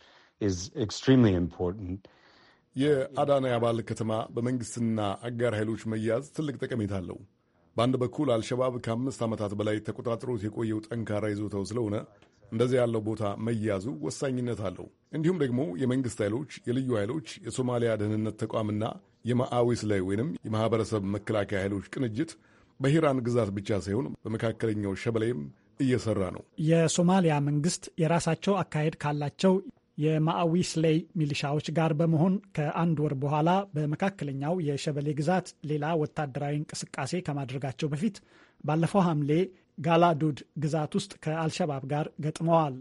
የአዳና አባል ከተማ በመንግሥትና አጋር ኃይሎች መያዝ ትልቅ ጠቀሜታ አለው። በአንድ በኩል አልሸባብ ከአምስት ዓመታት በላይ ተቆጣጥሮት የቆየው ጠንካራ ይዞታው ስለሆነ እንደዚህ ያለው ቦታ መያዙ ወሳኝነት አለው። እንዲሁም ደግሞ የመንግሥት ኃይሎች፣ የልዩ ኃይሎች፣ የሶማሊያ ደህንነት ተቋምና የማአዊስ ላይ ወይንም የማኅበረሰብ መከላከያ ኃይሎች ቅንጅት በሂራን ግዛት ብቻ ሳይሆን በመካከለኛው ሸበላይም እየሰራ ነው። የሶማሊያ መንግስት የራሳቸው አካሄድ ካላቸው የማአዊ ስሌይ ሚሊሻዎች ጋር በመሆን ከአንድ ወር በኋላ በመካከለኛው የሸበሌ ግዛት ሌላ ወታደራዊ እንቅስቃሴ ከማድረጋቸው በፊት ባለፈው ሐምሌ ጋላዱድ ግዛት ውስጥ ከአልሸባብ ጋር ገጥመዋል።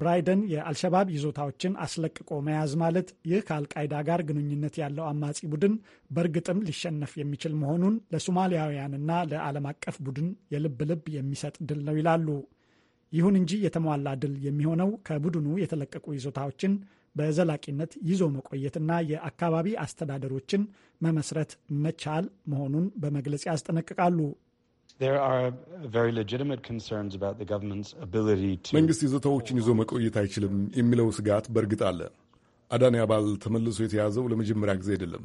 ብራይደን የአልሸባብ ይዞታዎችን አስለቅቆ መያዝ ማለት ይህ ከአልቃይዳ ጋር ግንኙነት ያለው አማጺ ቡድን በእርግጥም ሊሸነፍ የሚችል መሆኑን ለሶማሊያውያንና ለዓለም አቀፍ ቡድን የልብ ልብ የሚሰጥ ድል ነው ይላሉ። ይሁን እንጂ የተሟላ ድል የሚሆነው ከቡድኑ የተለቀቁ ይዞታዎችን በዘላቂነት ይዞ መቆየትና የአካባቢ አስተዳደሮችን መመስረት መቻል መሆኑን በመግለጽ ያስጠነቅቃሉ። መንግስት ይዞታዎችን ይዞ መቆየት አይችልም የሚለው ስጋት በእርግጥ አለ። አዳኒ አባል ተመልሶ የተያዘው ለመጀመሪያ ጊዜ አይደለም።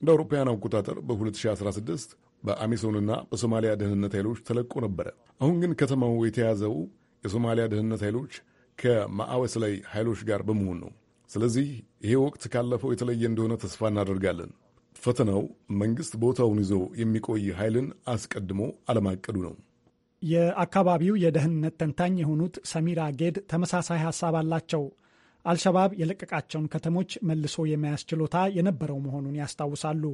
እንደ አውሮፓውያን አቆጣጠር በ2016 በአሜሶንና በሶማሊያ ደህንነት ኃይሎች ተለቆ ነበረ። አሁን ግን ከተማው የተያዘው የሶማሊያ ደህንነት ኃይሎች ከማዕወስ ላይ ኃይሎች ጋር በመሆን ነው። ስለዚህ ይሄ ወቅት ካለፈው የተለየ እንደሆነ ተስፋ እናደርጋለን። ፈተናው መንግስት ቦታውን ይዞ የሚቆይ ኃይልን አስቀድሞ አለማቀዱ ነው። የአካባቢው የደህንነት ተንታኝ የሆኑት ሰሚራ ጌድ ተመሳሳይ ሀሳብ አላቸው። አልሸባብ የለቀቃቸውን ከተሞች መልሶ የመያዝ ችሎታ የነበረው መሆኑን ያስታውሳሉ።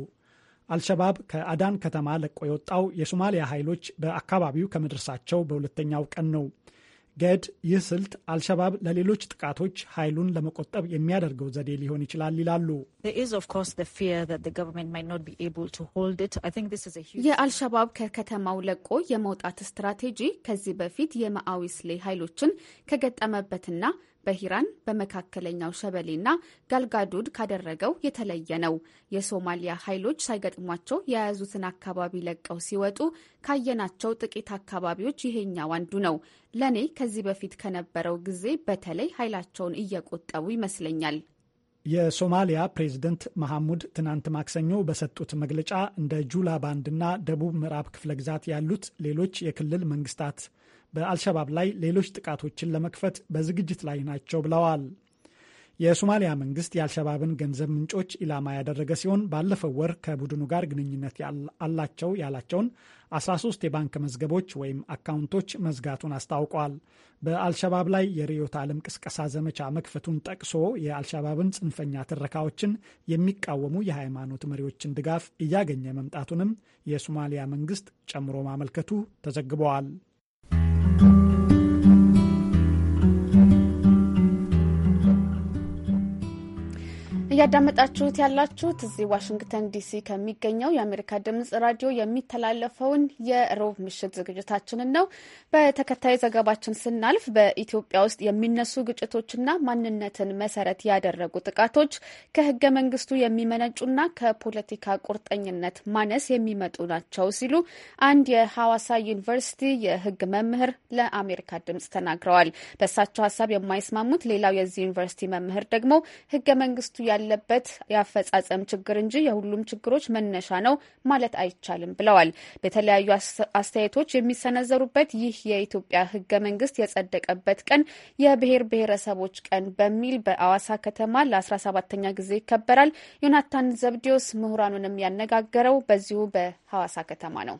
አልሸባብ ከአዳን ከተማ ለቆ የወጣው የሶማሊያ ኃይሎች በአካባቢው ከመድረሳቸው በሁለተኛው ቀን ነው። ገድ ይህ ስልት አልሸባብ ለሌሎች ጥቃቶች ኃይሉን ለመቆጠብ የሚያደርገው ዘዴ ሊሆን ይችላል ይላሉ። የአልሸባብ ከከተማው ለቆ የመውጣት ስትራቴጂ ከዚህ በፊት የማአዊስሌ ኃይሎችን ከገጠመበትና በሂራን በመካከለኛው ሸበሌና ጋልጋዱድ ካደረገው የተለየ ነው። የሶማሊያ ኃይሎች ሳይገጥሟቸው የያዙትን አካባቢ ለቀው ሲወጡ ካየናቸው ጥቂት አካባቢዎች ይሄኛው አንዱ ነው። ለእኔ ከዚህ በፊት ከነበረው ጊዜ በተለይ ኃይላቸውን እየቆጠቡ ይመስለኛል። የሶማሊያ ፕሬዝደንት መሐሙድ ትናንት ማክሰኞ በሰጡት መግለጫ እንደ ጁላ ባንድና ደቡብ ምዕራብ ክፍለ ግዛት ያሉት ሌሎች የክልል መንግስታት በአልሸባብ ላይ ሌሎች ጥቃቶችን ለመክፈት በዝግጅት ላይ ናቸው ብለዋል። የሶማሊያ መንግስት የአልሸባብን ገንዘብ ምንጮች ኢላማ ያደረገ ሲሆን ባለፈው ወር ከቡድኑ ጋር ግንኙነት አላቸው ያላቸውን 13 የባንክ መዝገቦች ወይም አካውንቶች መዝጋቱን አስታውቋል። በአልሸባብ ላይ የርዕዮተ ዓለም ቅስቀሳ ዘመቻ መክፈቱን ጠቅሶ የአልሸባብን ጽንፈኛ ትረካዎችን የሚቃወሙ የሃይማኖት መሪዎችን ድጋፍ እያገኘ መምጣቱንም የሶማሊያ መንግስት ጨምሮ ማመልከቱ ተዘግበዋል። እያዳመጣችሁት ያላችሁት እዚህ ዋሽንግተን ዲሲ ከሚገኘው የአሜሪካ ድምጽ ራዲዮ የሚተላለፈውን የሮብ ምሽት ዝግጅታችንን ነው። በተከታይ ዘገባችን ስናልፍ በኢትዮጵያ ውስጥ የሚነሱ ግጭቶችና ማንነትን መሰረት ያደረጉ ጥቃቶች ከህገ መንግስቱ የሚመነጩና ከፖለቲካ ቁርጠኝነት ማነስ የሚመጡ ናቸው ሲሉ አንድ የሐዋሳ ዩኒቨርሲቲ የህግ መምህር ለአሜሪካ ድምጽ ተናግረዋል። በእሳቸው ሀሳብ የማይስማሙት ሌላው የዚህ ዩኒቨርሲቲ መምህር ደግሞ ህገ መንግስቱ ያለ ያለበት የአፈጻጸም ችግር እንጂ የሁሉም ችግሮች መነሻ ነው ማለት አይቻልም ብለዋል። በተለያዩ አስተያየቶች የሚሰነዘሩበት ይህ የኢትዮጵያ ህገ መንግስት የጸደቀበት ቀን የብሔር ብሔረሰቦች ቀን በሚል በአዋሳ ከተማ ለ17ኛ ጊዜ ይከበራል። ዮናታን ዘብዲዮስ ምሁራኑንም ያነጋገረው በዚሁ በሐዋሳ ከተማ ነው።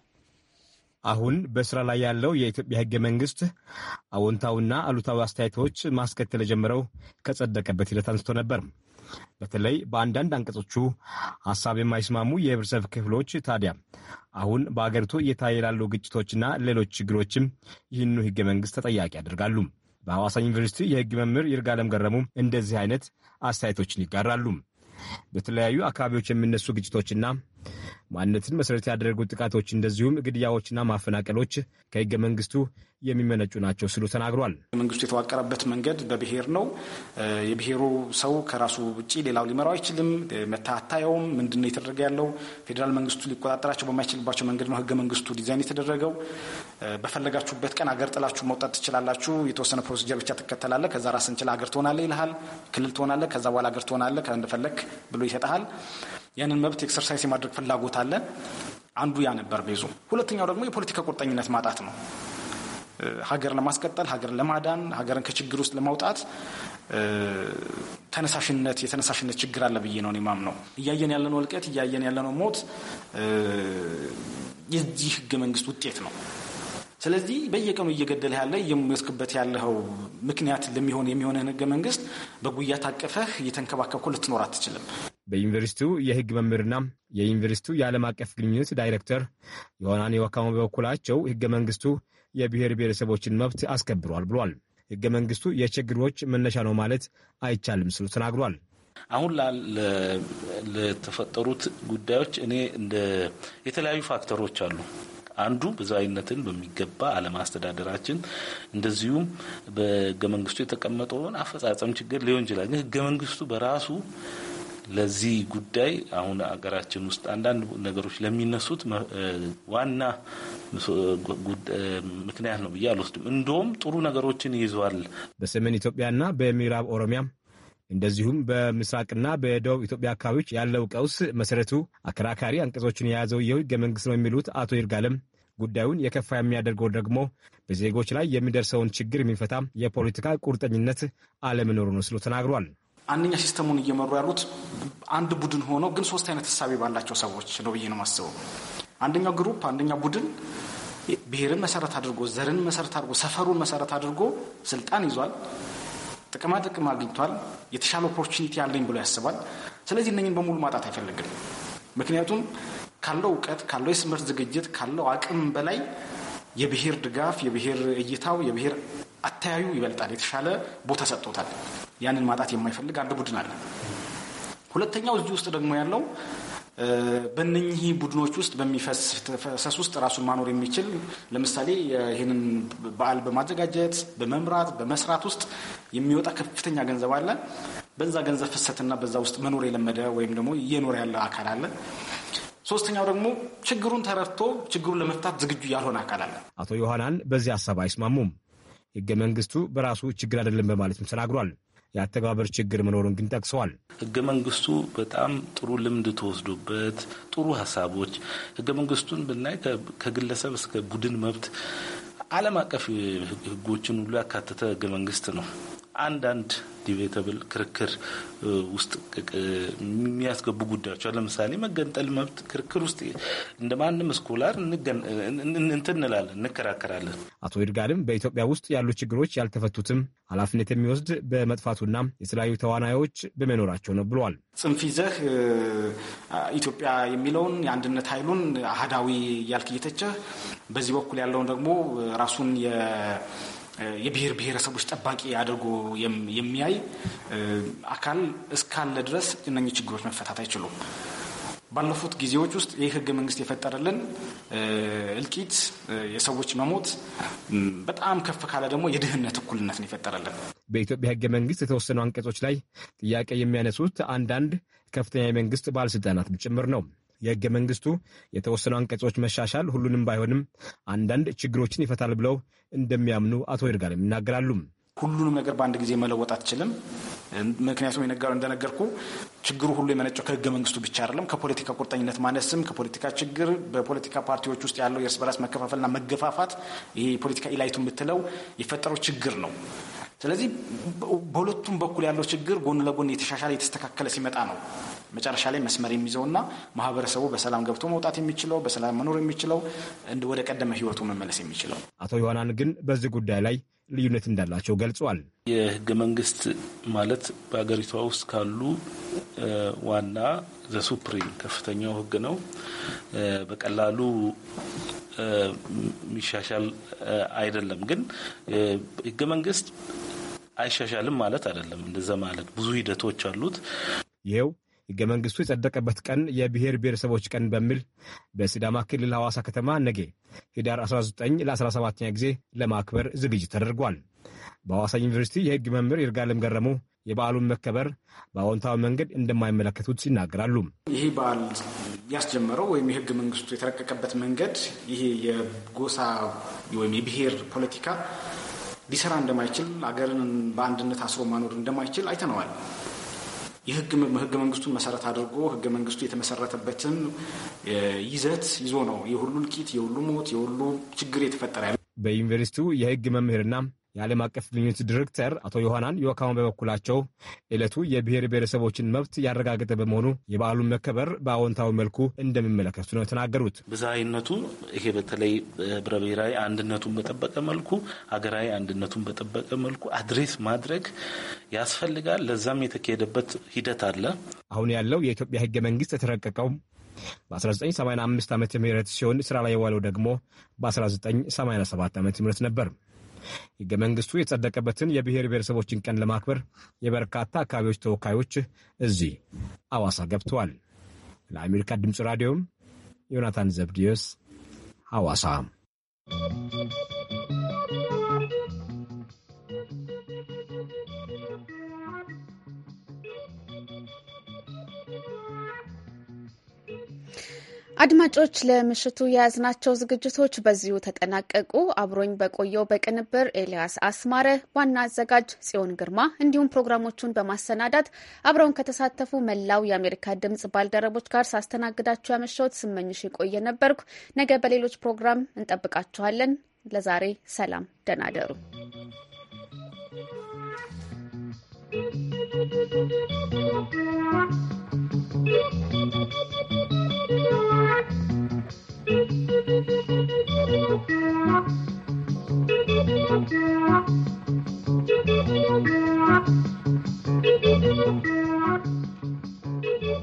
አሁን በስራ ላይ ያለው የኢትዮጵያ ህገ መንግስት አዎንታዊና አሉታዊ አስተያየቶች ማስከተል የጀመረው ከጸደቀበት ሂደት አንስቶ ነበር። በተለይ በአንዳንድ አንቀጾቹ ሀሳብ የማይስማሙ የህብረተሰብ ክፍሎች ታዲያ አሁን በአገሪቱ እየታየ ላሉ ግጭቶችና ሌሎች ችግሮችም ይህኑ ህገ መንግስት ተጠያቂ ያደርጋሉ። በሐዋሳ ዩኒቨርሲቲ የህግ መምህር ይርጋለም ገረሙ እንደዚህ አይነት አስተያየቶችን ይጋራሉ። በተለያዩ አካባቢዎች የሚነሱ ግጭቶችና ማንነትን መሰረት ያደረጉ ጥቃቶች እንደዚሁም ግድያዎችና ማፈናቀሎች ከህገ መንግስቱ የሚመነጩ ናቸው ስሉ ተናግሯል። መንግስቱ የተዋቀረበት መንገድ በብሔር ነው። የብሔሩ ሰው ከራሱ ውጭ ሌላው ሊመራው አይችልም። መታታየውም ምንድን የተደረገ ያለው ፌዴራል መንግስቱ ሊቆጣጠራቸው በማይችልባቸው መንገድ ነው ህገ መንግስቱ ዲዛይን የተደረገው። በፈለጋችሁበት ቀን አገር ጥላችሁ መውጣት ትችላላችሁ። የተወሰነ ፕሮሲጀር ብቻ ትከተላለ ከዛ ራስን ችለህ አገር ትሆናለ ይልሃል። ክልል ትሆናለ። ከዛ በኋላ አገር ትሆናለ እንደፈለክ ብሎ ይሰጠሃል። ያንን መብት ኤክሰርሳይዝ የማድረግ ፍላጎት አለ። አንዱ ያ ነበር ቤዙ። ሁለተኛው ደግሞ የፖለቲካ ቁርጠኝነት ማጣት ነው። ሀገር ለማስቀጠል ሀገርን ለማዳን ሀገርን ከችግር ውስጥ ለማውጣት ተነሳሽነት የተነሳሽነት ችግር አለ ብዬ ነው ማም ነው እያየን ያለነው እልቀት እያየን ያለነው ሞት የዚህ ህገ መንግስት ውጤት ነው። ስለዚህ በየቀኑ እየገደለ ያለ እየሞስክበት ያለው ምክንያት ለሚሆን የሚሆንህን ህገ መንግስት በጉያ ታቀፈህ እየተንከባከብኩ ልትኖር አትችልም። በዩኒቨርሲቲው የህግ መምህርና የዩኒቨርሲቲው የዓለም አቀፍ ግንኙነት ዳይሬክተር ዮሐናን የወካሙ በበኩላቸው ህገ መንግስቱ የብሔር ብሔረሰቦችን መብት አስከብሯል ብሏል። ህገ መንግስቱ የችግሮች መነሻ ነው ማለት አይቻልም ስሉ ተናግሯል። አሁን ለተፈጠሩት ጉዳዮች እኔ እንደ የተለያዩ ፋክተሮች አሉ አንዱ ብዙሃዊነትን በሚገባ አለማስተዳደራችን፣ እንደዚሁም በህገ መንግስቱ የተቀመጠውን አፈጻጸም ችግር ሊሆን ይችላል። ግን ህገ መንግስቱ በራሱ ለዚህ ጉዳይ አሁን ሀገራችን ውስጥ አንዳንድ ነገሮች ለሚነሱት ዋና ምክንያት ነው ብዬ አልወስድም። እንደውም ጥሩ ነገሮችን ይዟል። በሰሜን ኢትዮጵያና በምዕራብ ኦሮሚያ እንደዚሁም በምስራቅና በደቡብ ኢትዮጵያ አካባቢዎች ያለው ቀውስ መሰረቱ አከራካሪ አንቀጾችን የያዘው ይኸው መንግስት ነው የሚሉት አቶ ይርጋለም ጉዳዩን የከፋ የሚያደርገው ደግሞ በዜጎች ላይ የሚደርሰውን ችግር የሚፈታ የፖለቲካ ቁርጠኝነት አለመኖሩ ነው ሲሉ ተናግሯል። አንደኛ ሲስተሙን እየመሩ ያሉት አንድ ቡድን ሆነው ግን ሶስት አይነት ህሳቤ ባላቸው ሰዎች ነው ብዬ ነው የማስበው። አንደኛው ግሩፕ፣ አንደኛው ቡድን ብሔርን መሰረት አድርጎ ዘርን መሰረት አድርጎ ሰፈሩን መሰረት አድርጎ ስልጣን ይዟል። ጥቅማ ጥቅም አግኝቷል፣ የተሻለ ኦፖርቹኒቲ አለኝ ብሎ ያስባል። ስለዚህ እነኝን በሙሉ ማጣት አይፈልግም። ምክንያቱም ካለው እውቀት፣ ካለው የትምህርት ዝግጅት፣ ካለው አቅም በላይ የብሔር ድጋፍ፣ የብሔር እይታው፣ የብሔር አተያዩ ይበልጣል። የተሻለ ቦታ ሰጥቶታል። ያንን ማጣት የማይፈልግ አንድ ቡድን አለ። ሁለተኛው እዚህ ውስጥ ደግሞ ያለው በእነኚህ ቡድኖች ውስጥ በሚፈሰስ ውስጥ ራሱን ማኖር የሚችል ለምሳሌ ይህንን በዓል በማዘጋጀት በመምራት በመስራት ውስጥ የሚወጣ ከፍተኛ ገንዘብ አለ። በዛ ገንዘብ ፍሰትና በዛ ውስጥ መኖር የለመደ ወይም ደግሞ እየኖር ያለ አካል አለ። ሶስተኛው ደግሞ ችግሩን ተረድቶ ችግሩን ለመፍታት ዝግጁ ያልሆነ አካል አለ። አቶ ዮሐናን በዚህ ሀሳብ አይስማሙም። ህገ መንግስቱ በራሱ ችግር አይደለም በማለትም ተናግሯል። የአተገባበር ችግር መኖሩን ግን ጠቅሰዋል። ህገ መንግስቱ በጣም ጥሩ ልምድ ተወስዶበት ጥሩ ሀሳቦች ህገ መንግስቱን ብናይ ከግለሰብ እስከ ቡድን መብት ዓለም አቀፍ ህጎችን ሁሉ ያካተተ ህገ መንግስት ነው። አንዳንድ ዲቤተብል ክርክር ውስጥ የሚያስገቡ ጉዳዮች ለምሳሌ መገንጠል መብት ክርክር ውስጥ እንደ ማንም ስኮላር እንትንላለን እንከራከራለን። አቶ ይድጋልም በኢትዮጵያ ውስጥ ያሉ ችግሮች ያልተፈቱትም ኃላፊነት የሚወስድ በመጥፋቱና የተለያዩ ተዋናዮች በመኖራቸው ነው ብሏል። ጽንፍ ይዘህ ኢትዮጵያ የሚለውን የአንድነት ኃይሉን አህዳዊ እያልክ እየተቸህ በዚህ በኩል ያለውን ደግሞ ራሱን የብሔር ብሔረሰቦች ጠባቂ አድርጎ የሚያይ አካል እስካለ ድረስ እነኚህ ችግሮች መፈታት አይችሉም። ባለፉት ጊዜዎች ውስጥ ይህ ህገ መንግስት የፈጠረልን እልቂት፣ የሰዎች መሞት በጣም ከፍ ካለ ደግሞ የድህነት እኩልነትን የፈጠረልን። በኢትዮጵያ ህገ መንግስት የተወሰኑ አንቀጾች ላይ ጥያቄ የሚያነሱት አንዳንድ ከፍተኛ የመንግስት ባለስልጣናት ጭምር ነው። የህገ መንግስቱ የተወሰኑ አንቀጾች መሻሻል ሁሉንም ባይሆንም አንዳንድ ችግሮችን ይፈታል ብለው እንደሚያምኑ አቶ ይርጋለም ይናገራሉ። ሁሉንም ነገር በአንድ ጊዜ መለወጥ አትችልም። ምክንያቱም እንደነገርኩ ችግሩ ሁሉ የመነጨው ከህገ መንግስቱ ብቻ አይደለም። ከፖለቲካ ቁርጠኝነት ማነስም፣ ከፖለቲካ ችግር፣ በፖለቲካ ፓርቲዎች ውስጥ ያለው የእርስ በራስ መከፋፈልና መገፋፋት ይሄ የፖለቲካ ኢላይቱ የምትለው የፈጠረው ችግር ነው። ስለዚህ በሁለቱም በኩል ያለው ችግር ጎን ለጎን የተሻሻለ የተስተካከለ ሲመጣ ነው መጨረሻ ላይ መስመር የሚይዘውና ማህበረሰቡ በሰላም ገብቶ መውጣት የሚችለው በሰላም መኖር የሚችለው ወደ ቀደመ ህይወቱ መመለስ የሚችለው። አቶ ዮሐናን ግን በዚህ ጉዳይ ላይ ልዩነት እንዳላቸው ገልጿል። የህገ መንግስት ማለት በሀገሪቷ ውስጥ ካሉ ዋና ዘሱፕሪም ከፍተኛው ህግ ነው። በቀላሉ የሚሻሻል አይደለም። ግን ህገ መንግስት አይሻሻልም ማለት አይደለም። እንደዛ ማለት ብዙ ሂደቶች አሉት። ይኸው ህገ መንግስቱ የጸደቀበት ቀን የብሔር ብሔረሰቦች ቀን በሚል በሲዳማ ክልል ሐዋሳ ከተማ ነገ ህዳር 19 ለ17ኛ ጊዜ ለማክበር ዝግጅት ተደርጓል። በሐዋሳ ዩኒቨርሲቲ የህግ መምህር ይርጋለም ገረሙ የበዓሉን መከበር በአዎንታዊ መንገድ እንደማይመለከቱት ይናገራሉ። ይህ በዓል ያስጀመረው ወይም የህገ መንግስቱ የተረቀቀበት መንገድ ይሄ የጎሳ ወይም የብሔር ፖለቲካ ሊሰራ እንደማይችል አገርን በአንድነት አስሮ ማኖር እንደማይችል አይተነዋል። ህገ መንግስቱን መሰረት አድርጎ ህገ መንግስቱ የተመሰረተበትን ይዘት ይዞ ነው የሁሉ እልቂት፣ የሁሉ ሞት፣ የሁሉ ችግር የተፈጠረ። በዩኒቨርሲቲው የህግ መምህርና የዓለም አቀፍ ግንኙነት ዲሬክተር አቶ ዮሐናን ዮካማ በበኩላቸው ዕለቱ የብሔር ብሔረሰቦችን መብት ያረጋገጠ በመሆኑ የበዓሉን መከበር በአዎንታዊ መልኩ እንደሚመለከቱ ነው የተናገሩት። ብዝሃይነቱ ይሄ በተለይ ህብረ ብሔራዊ አንድነቱን በጠበቀ መልኩ ሀገራዊ አንድነቱን በጠበቀ መልኩ አድሬስ ማድረግ ያስፈልጋል። ለዛም የተካሄደበት ሂደት አለ። አሁን ያለው የኢትዮጵያ ህገ መንግስት የተረቀቀው በ1985 ዓ ም ሲሆን ስራ ላይ የዋለው ደግሞ በ1987 ዓ ም ነበር። ህገ መንግስቱ የጸደቀበትን የብሔር ብሔረሰቦችን ቀን ለማክበር የበርካታ አካባቢዎች ተወካዮች እዚህ አዋሳ ገብተዋል። ለአሜሪካ ድምፅ ራዲዮም ዮናታን ዘብድዮስ ሐዋሳ። አድማጮች ለምሽቱ የያዝናቸው ዝግጅቶች በዚሁ ተጠናቀቁ። አብሮኝ በቆየው በቅንብር ኤልያስ አስማረ፣ ዋና አዘጋጅ ጽዮን ግርማ እንዲሁም ፕሮግራሞቹን በማሰናዳት አብረውን ከተሳተፉ መላው የአሜሪካ ድምጽ ባልደረቦች ጋር ሳስተናግዳችሁ ያመሸሁት ስመኝሽ የቆየ ነበርኩ። ነገ በሌሎች ፕሮግራም እንጠብቃችኋለን። ለዛሬ ሰላም፣ ደህና ደሩ። Thank you.